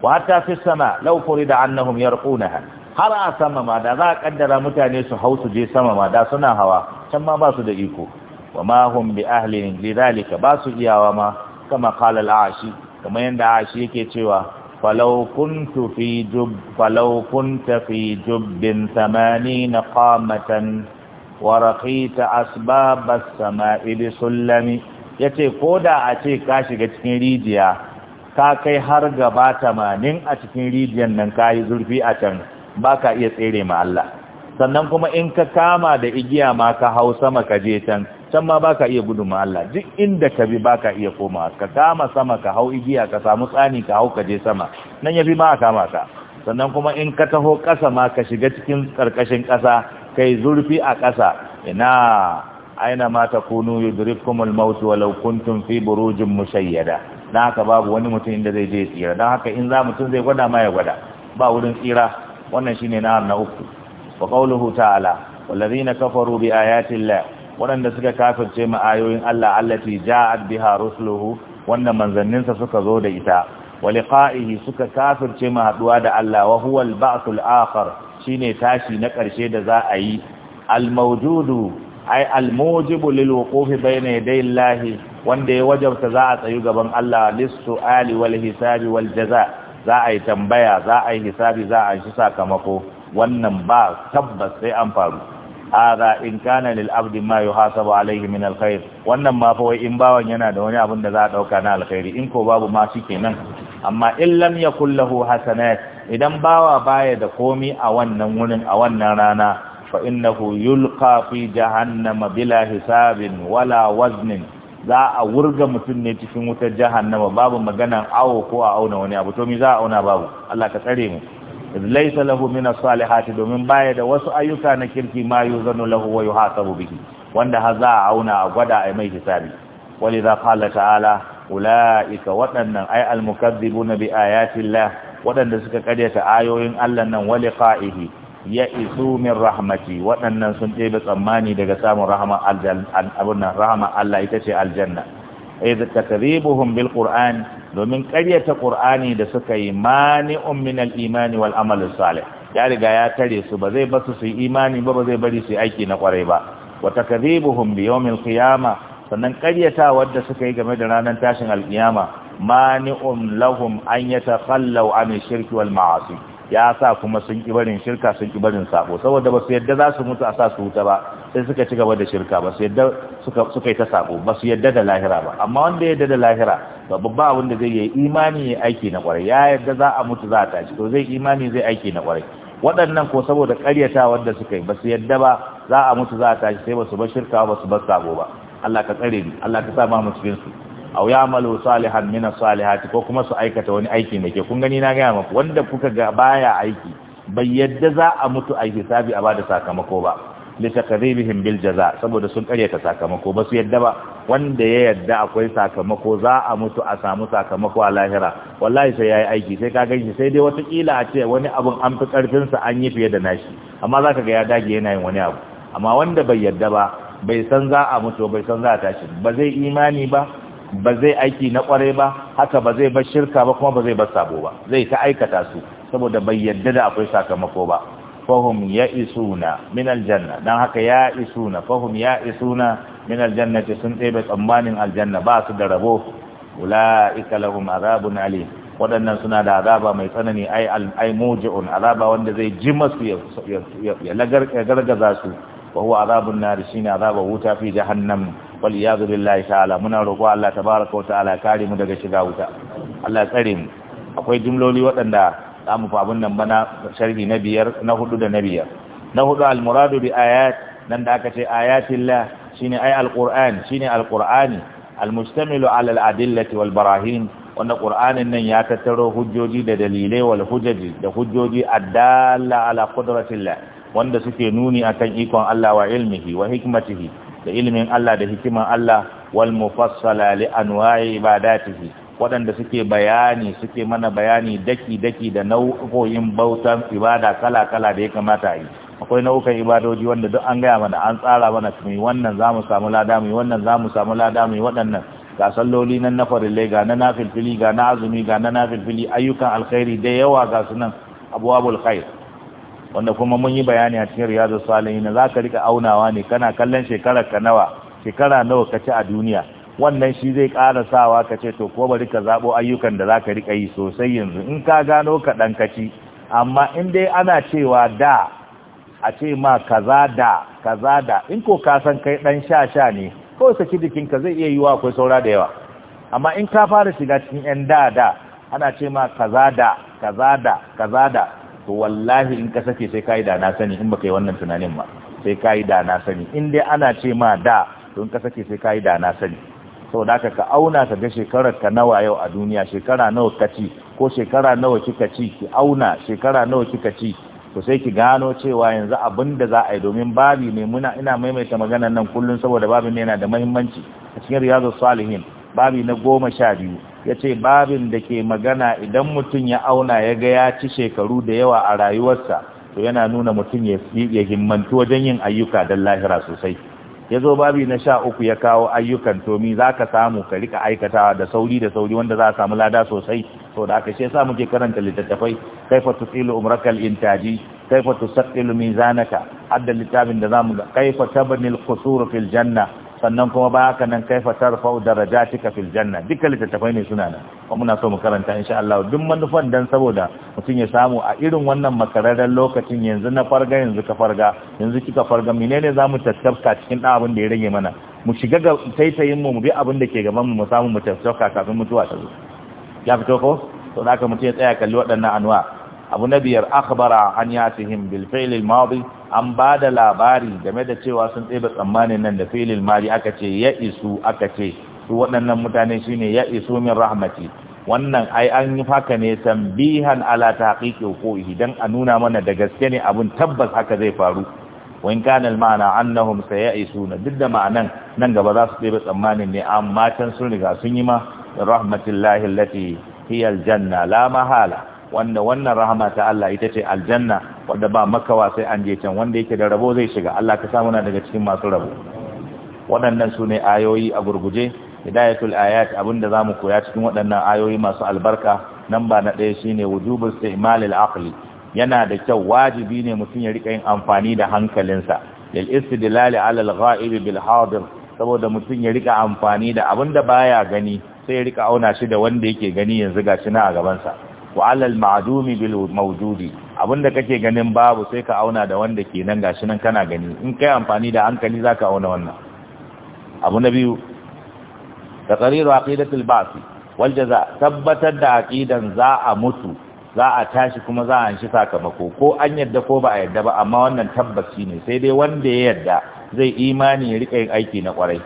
wa hatta fi sama law furida annahum yarqunaha har a sama ma da za a kaddara mutane su hau su je sama ma da suna hawa can ma ba su da iko wa ma hum bi ahli lidhalika ba su iyawa ma kama qala al-ashi kamar yanda ashi yake cewa فلو كنت في جب فلو كنت في جب ثمانين قامة ورقيت أسباب السماء بسلم yace ko da a ce ka shiga cikin rijiya ka kai har gaba tamanin a cikin rijiyar nan ka yi zurfi a can ba ka iya tsere ma Allah sannan kuma in ka kama da igiya ma ka hau sama ka je can can ma baka iya gudun ma duk inda ka bi baka iya koma ka kama sama ka hau igiya ka samu tsani ka hau ka je sama nan fi ma a kama ka sannan kuma in ka taho ƙasa ma ka shiga cikin ƙarƙashin ƙasa kai zurfi a ƙasa ina aina ma takunu yudrikumul maut walau kuntum fi burujin mushayyada dan haka babu wani mutum inda zai je tsira dan haka in za mutum zai gwada ma ya gwada ba wurin tsira wannan shine na na uku wa qawluhu ta'ala wallazina kafaru bi ayati waɗanda suka kafirce ma'ayoyin Allah allati ja'at biha rusuluhu wanda manzanninsa suka zo da ita wa liqa'ihi suka kafirce ma haduwa da Allah wa huwa al-ba'thul akhar shine tashi na ƙarshe da za a yi al-mawjudu ay al-mujibu lil wuqufi bayna yaday Allah wanda ya wajabta za a tsayu gaban Allah lis-su'ali wal hisabi wal jaza za a yi tambaya za a yi hisabi za a yi sakamako wannan ba tabbas sai an faru hadha in kana lil abdi ma yuhasabu alayhi min alkhair wannan ma fa wai in bawan yana da wani abin da za a dauka na alkhairi in ko babu ma kenan amma in lam yakul lahu hasanat idan bawa baya da komi a wannan wurin a wannan rana fa innahu yulqa fi jahannama bila hisabin wala waznin za a wurga mutum ne cikin wutar jahannama babu maganan awo ko a auna wani abu to mi za a auna babu Allah ka tsare mu laisa lahu min as-salihati domin baya da wasu ayyuka na kirki ma yuzanu lahu wa yuhasabu bihi wanda haza a auna a gwada a mai hisabi walidha qala ta'ala ulaika waɗannan ay al-mukaththibuna bi ayatillah waɗanda suka karyata ayoyin Allah nan wa liqa'ihi ya isu min rahmati waɗannan sun ɗebe tsammani daga samun rahama aljanna abun rahama Allah ita ce aljanna idh takdhibuhum bil qur'an domin karyata qur'ani da suka yi mani'un min al imani wal amal ya riga ya tare su ba zai basu su yi imani ba ba zai bari su yi aiki na kwarai ba wa takdhibuhum bi yawmil sannan ƙaryatawar da suka yi game da ranar tashin alkiyama mani'un lahum anyata yatakhallaw an shirki wal ya sa kuma sun ki barin shirka sun ki barin sako saboda ba su yadda za su mutu a sa su wuta ba sai suka ci gaba da shirka ba su yadda suka yi ta sabo ba su yadda da lahira ba amma wanda ya yadda da lahira ba babba wanda da zai yi imani ya aiki na kwarai ya yadda za a mutu za a tashi to zai imani zai aiki na kwarai waɗannan ko saboda ƙaryata wanda suka yi ba su yadda ba za a mutu za a tashi sai ba su bar shirka ba su bar sabo ba Allah ka tsare ni Allah ka sa ma mu cikin su aw ya'malu salihan min as-salihati ko kuma su aikata wani aiki ne ke kun gani na ga maku wanda kuka ga baya aiki bai yadda za a mutu a hisabi a bada sakamako ba takribihim bil jaza saboda sun karyata sakamako ba su yadda ba wanda ya yadda akwai sakamako za a mutu a samu sakamako a lahira wallahi sai yayi aiki sai ka ganshi sai dai wata kila a ce wani abun an fi karfin sa an yi fiye da nashi amma zaka ga ya dage yana yin wani abu amma wanda bai yadda ba bai san za a mutu bai san za a tashi ba zai imani ba ba zai aiki na kware ba haka ba zai bar shirka ba kuma ba zai bar sabo ba zai ta aikata su saboda bai yadda da akwai sakamako ba fahum ya isuna min aljanna don haka ya isuna fahum ya isuna min aljanna ce sun ɗebe tsammanin aljanna ba su da rabo ula'ika lahum azabun Ali. waɗannan suna da azaba mai tsanani ai ai muji'un azaba wanda zai ji masu ya gargaza su wa huwa azabun shi ne azaba wuta fi jahannam wal iyad billahi ta'ala muna roƙo Allah baraka wata ala kare mu daga shiga wuta Allah tsare mu akwai jimloli waɗanda za mu fabin nan bana sharhi na biyar na hudu da na biyar na hudu almuradu bi ayat nan da aka ce ayatillah shine ay alquran shine alqurani almustamilu ala aladillati wal barahim wanda qur'anin nan ya tattaro hujjoji da dalilai wal hujaji da hujjoji addalla ala qudratillah wanda suke nuni akan ikon Allah wa ilmihi wa hikmatihi da ilmin Allah da hikiman Allah wal mufassala li anwa'i ibadatihi waɗanda suke bayani suke mana bayani daki-daki da nau'o'in bautan ibada kala-kala da ya kamata yi akwai nau'ukan ibadoji wanda duk an gaya mana an tsara mana su mai wannan za mu samu lada mai wannan za mu samu lada mai waɗannan ga salloli nan na farille ga na nafilfili ga na azumi ga na nafilfili ayyukan alkhairi da yawa ga su nan abuwabul khair wanda kuma mun yi bayani a cikin riyadu salihin za ka rika aunawa ne kana kallon shekarar ka nawa shekara nawa ka ci a duniya wannan shi zai ƙara sawa ka ce to ko bari ka zaɓo ayyukan da za ka riƙa yi sosai yanzu in ka gano ka ɗan kaci amma in dai ana cewa da a ce ma kaza da kaza da in ko ka san kai ɗan sha sha ne kawai saki jikinka zai iya wa akwai saura da yawa amma in ka fara shiga cikin 'yan da da ana ce ma kaza da kaza da kaza da to wallahi in ka sake sai ka yi da na sani in baka yi wannan tunanin ma sai ka yi da na sani in dai ana ce ma da to in ka sake sai ka yi da na sani sau da ka auna ka ga shekarar ka nawa yau a duniya shekara nawa ka ci ko shekara nawa kika ci ki auna shekara nawa kika ci to sai ki gano cewa yanzu abin da za a yi domin babi ne muna ina maimaita maganar nan kullum saboda babin ne yana da mahimmanci a cikin riyazu salihin babi na goma sha biyu ya ce babin da ke magana idan mutum ya auna ya ga ya ci shekaru da yawa a rayuwarsa to yana nuna mutum ya himmantu wajen yin ayyuka don lahira sosai ya zo babi na sha uku ya kawo ayyukan tomi za ka samu ka rika aikatawa da sauri da sauri wanda za a samu lada sosai sau da aka shi sa muke karanta littattafai kaifa tusilu umrakal intaji kaifa tusaqilu mizanaka hadda littafin da zamu ga kaifa tabnil qusur fil janna sannan kuma ba haka nan kaifa tarfau cika fil janna duka littattafai ne suna nan kuma muna so mu karanta insha Allah duk manufan dan saboda mutum ya samu a irin wannan makararren lokacin yanzu na farga yanzu ka farga yanzu kika farga menene zamu tattauka cikin da abin da ya rage mana mu shiga ga taitayin mu mu bi abin da ke gaban mu mu samu mu tattauka kafin mutuwa ta zo ya fito ko to da haka mutum ya tsaya kalli waɗannan anwa abu na biyar akbara an yatihim bil fi'l al madi an da labari game da cewa sun tsebe tsammanin nan da filin al aka ce ya isu aka ce su waɗannan mutane shine ya isu min rahmati wannan ai an yi haka ne tambihan ala tahqiqi huquqihi dan a nuna mana da gaske ne abun tabbas haka zai faru ma'ana an na al ya isu na duk da ma'anan nan gaba za su tsebe tsammanin ne amma can sun riga sun yi ma rahmatillahi lati hiyar janna la mahala wanda wannan rahama ta Allah ita ce aljanna wanda ba makawa sai an je can wanda yake da rabo zai shiga Allah ka samu na daga cikin masu rabo waɗannan su ne ayoyi a gurguje hidayatul ayat abinda zamu koya cikin waɗannan ayoyi masu albarka nan ba na ɗaya shine wujubul istimalil aqli yana da kyau wajibi ne mutum ya rika yin amfani da hankalinsa lil istidlali ala al ghaib bil hadir saboda mutum ya rika amfani da abinda baya gani sai ya rika auna shi da wanda yake gani yanzu gashi na a gaban sa wa alal ma'dumi bil mawjudi abinda kake ganin babu sai ka auna da wanda ke nan gashi nan kana gani in kai amfani da hankali zaka auna wannan abu na biyu taqriru aqidatul ba'th wal jaza tabbatar da aqidan za a mutu za a tashi kuma za a shi sakamako ko an yadda ko ba a yadda ba amma wannan tabbaci ne sai dai wanda ya yadda zai imani ya rika yin aiki na kwarai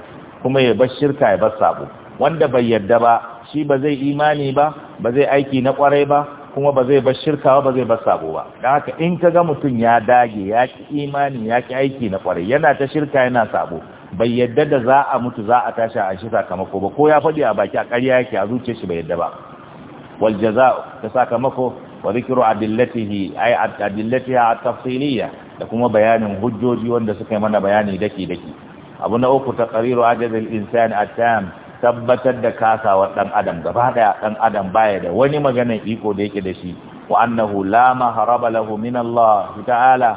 kuma ya bar shirka ya bar sabo wanda bai yadda ba shi ba zai imani ba ba zai aiki na kwarai ba kuma ba zai bar shirka ba zai bar sabo ba don haka in ka ga mutum ya dage ya ki imani ya ki aiki na kwarai yana ta shirka yana sabo bai yadda da za a mutu za a tashi a shi sakamako ba ko ya faɗi a baki a ƙarya yake a zuciyar shi bai yadda ba wal jaza ta sakamako wa zikru adillatihi ay adillatiha at-tafsiliyya da kuma bayanin hujjoji wanda suka yi mana bayani daki daki abu na uku taqriru ajaz al-insan at-tam tabbatar da kasawar dan adam gaba daya dan adam baya da wani maganan iko da yake da shi wa annahu la maharaba lahu min Allah ta'ala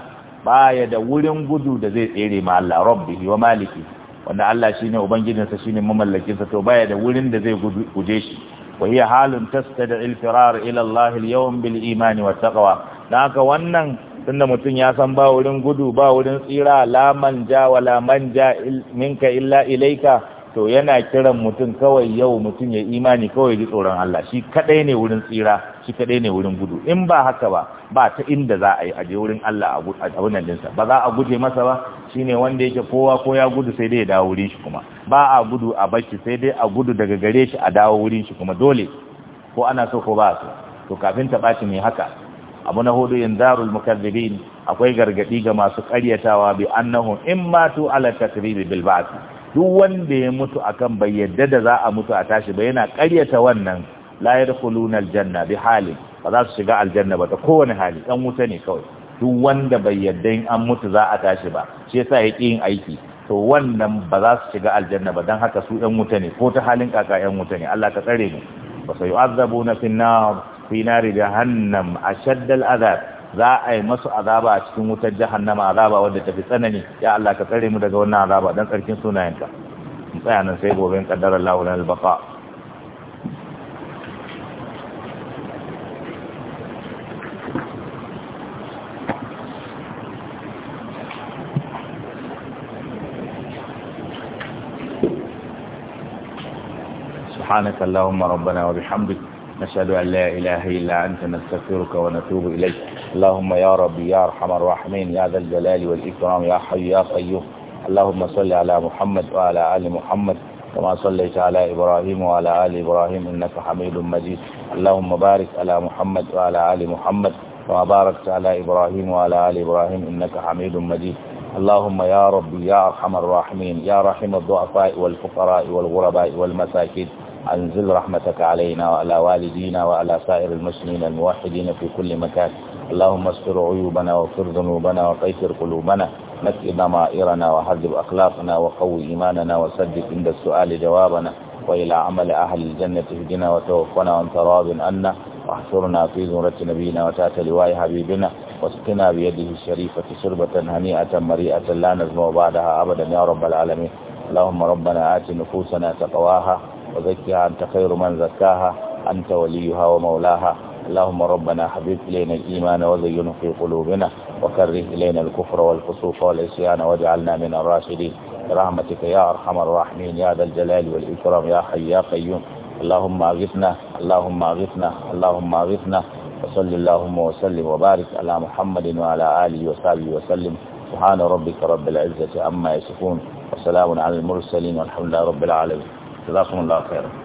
baya da wurin gudu da zai tsere ma Allah rabbih wa maliki wanda Allah shine ubangijinsa shine mamallakin sa to baya da wurin da zai guje shi wa hiya halun tastad'i al-firar ila Allah al-yawm bil iman wa taqwa dan haka wannan tunda mutum ya san ba wurin gudu ba wurin tsira la manja wala manja minka illa ilaika to yana kiran mutum kawai yau mutum ya imani kawai ji tsoron Allah shi kadai ne wurin tsira shi kadai ne wurin gudu in ba haka ba ba ta inda za a yi aje wurin Allah a abunan dinsa ba za a guje masa ba shine wanda yake kowa ko ya gudu sai dai ya dawo wurin shi kuma ba a gudu a bashi sai dai a gudu daga gare shi a dawo wurin shi kuma dole ko ana so ko ba so to kafin ta baci mai haka abu na hudu inzarul mukazzibin akwai gargadi ga masu karyatawa bi annahu in matu ala takribi bil ba'th duk wanda ya mutu akan bai yadda da za a mutu a tashi ba yana ƙaryata wannan layar yadkhuluna aljanna bi halin ba za su shiga aljanna ba ta kowane hali ɗan wuta ne kawai duk wanda bai yadda in an mutu za a tashi ba shi yasa ya yin aiki to wannan ba za su shiga aljanna ba dan haka su yan wuta ne ko ta halin kaka yan wuta ne Allah ka tsare mu ba sai yu'azzabuna fi nar fi nar jahannam ashaddal azab za a yi masu azaba a cikin wutar jahannama azaba wadda fi tsanani ya Allah ka tsare mu daga wannan azaba dan tsarkin sunayenka mu tsaya nan sai gobe in kaddara Allahu lana al-baqa سبحانك اللهم ربنا وبحمدك نشهد أن لا إله إلا أنت نستغفرك ونتوب إليك اللهم يا ربي يا أرحم الراحمين يا ذا الجلال والإكرام يا حي يا قيوم اللهم صل على محمد وعلى آل محمد كما صليت على إبراهيم وعلى آل إبراهيم إنك حميد مجيد اللهم بارك على محمد وعلى آل محمد كما باركت على إبراهيم وعلى آل إبراهيم إنك حميد مجيد اللهم يا ربي يا أرحم الراحمين يا رحم الضعفاء والفقراء والغرباء والمساكين أنزل رحمتك علينا وعلى والدينا وعلى سائر المسلمين الموحدين في كل مكان اللهم استر عيوبنا واغفر ذنوبنا وقيسر قلوبنا نكئ ضمائرنا وحذب أخلاقنا وقوي إيماننا وسدد عند السؤال جوابنا وإلى عمل أهل الجنة اهدنا وتوفنا وانت راض عنا واحشرنا في زمرة نبينا وتأتى لواء حبيبنا واسقنا بيده الشريفة شربة هنيئة مريئة لا نزمع بعدها أبدا يا رب العالمين اللهم ربنا آت نفوسنا تقواها وزكها أنت خير من زكاها أنت وليها ومولاها اللهم ربنا حبيب إلينا الإيمان وزينه في قلوبنا وكره إلينا الكفر والفسوق والعصيان واجعلنا من الراشدين برحمتك يا أرحم الراحمين يا ذا الجلال والإكرام يا حي يا قيوم اللهم أغثنا اللهم أغثنا اللهم أغثنا وصل اللهم وسلم وبارك على محمد وعلى آله وصحبه وسلم سبحان ربك رب العزة عما يصفون وسلام على المرسلين والحمد لله رب العالمين جزاكم الله خيرا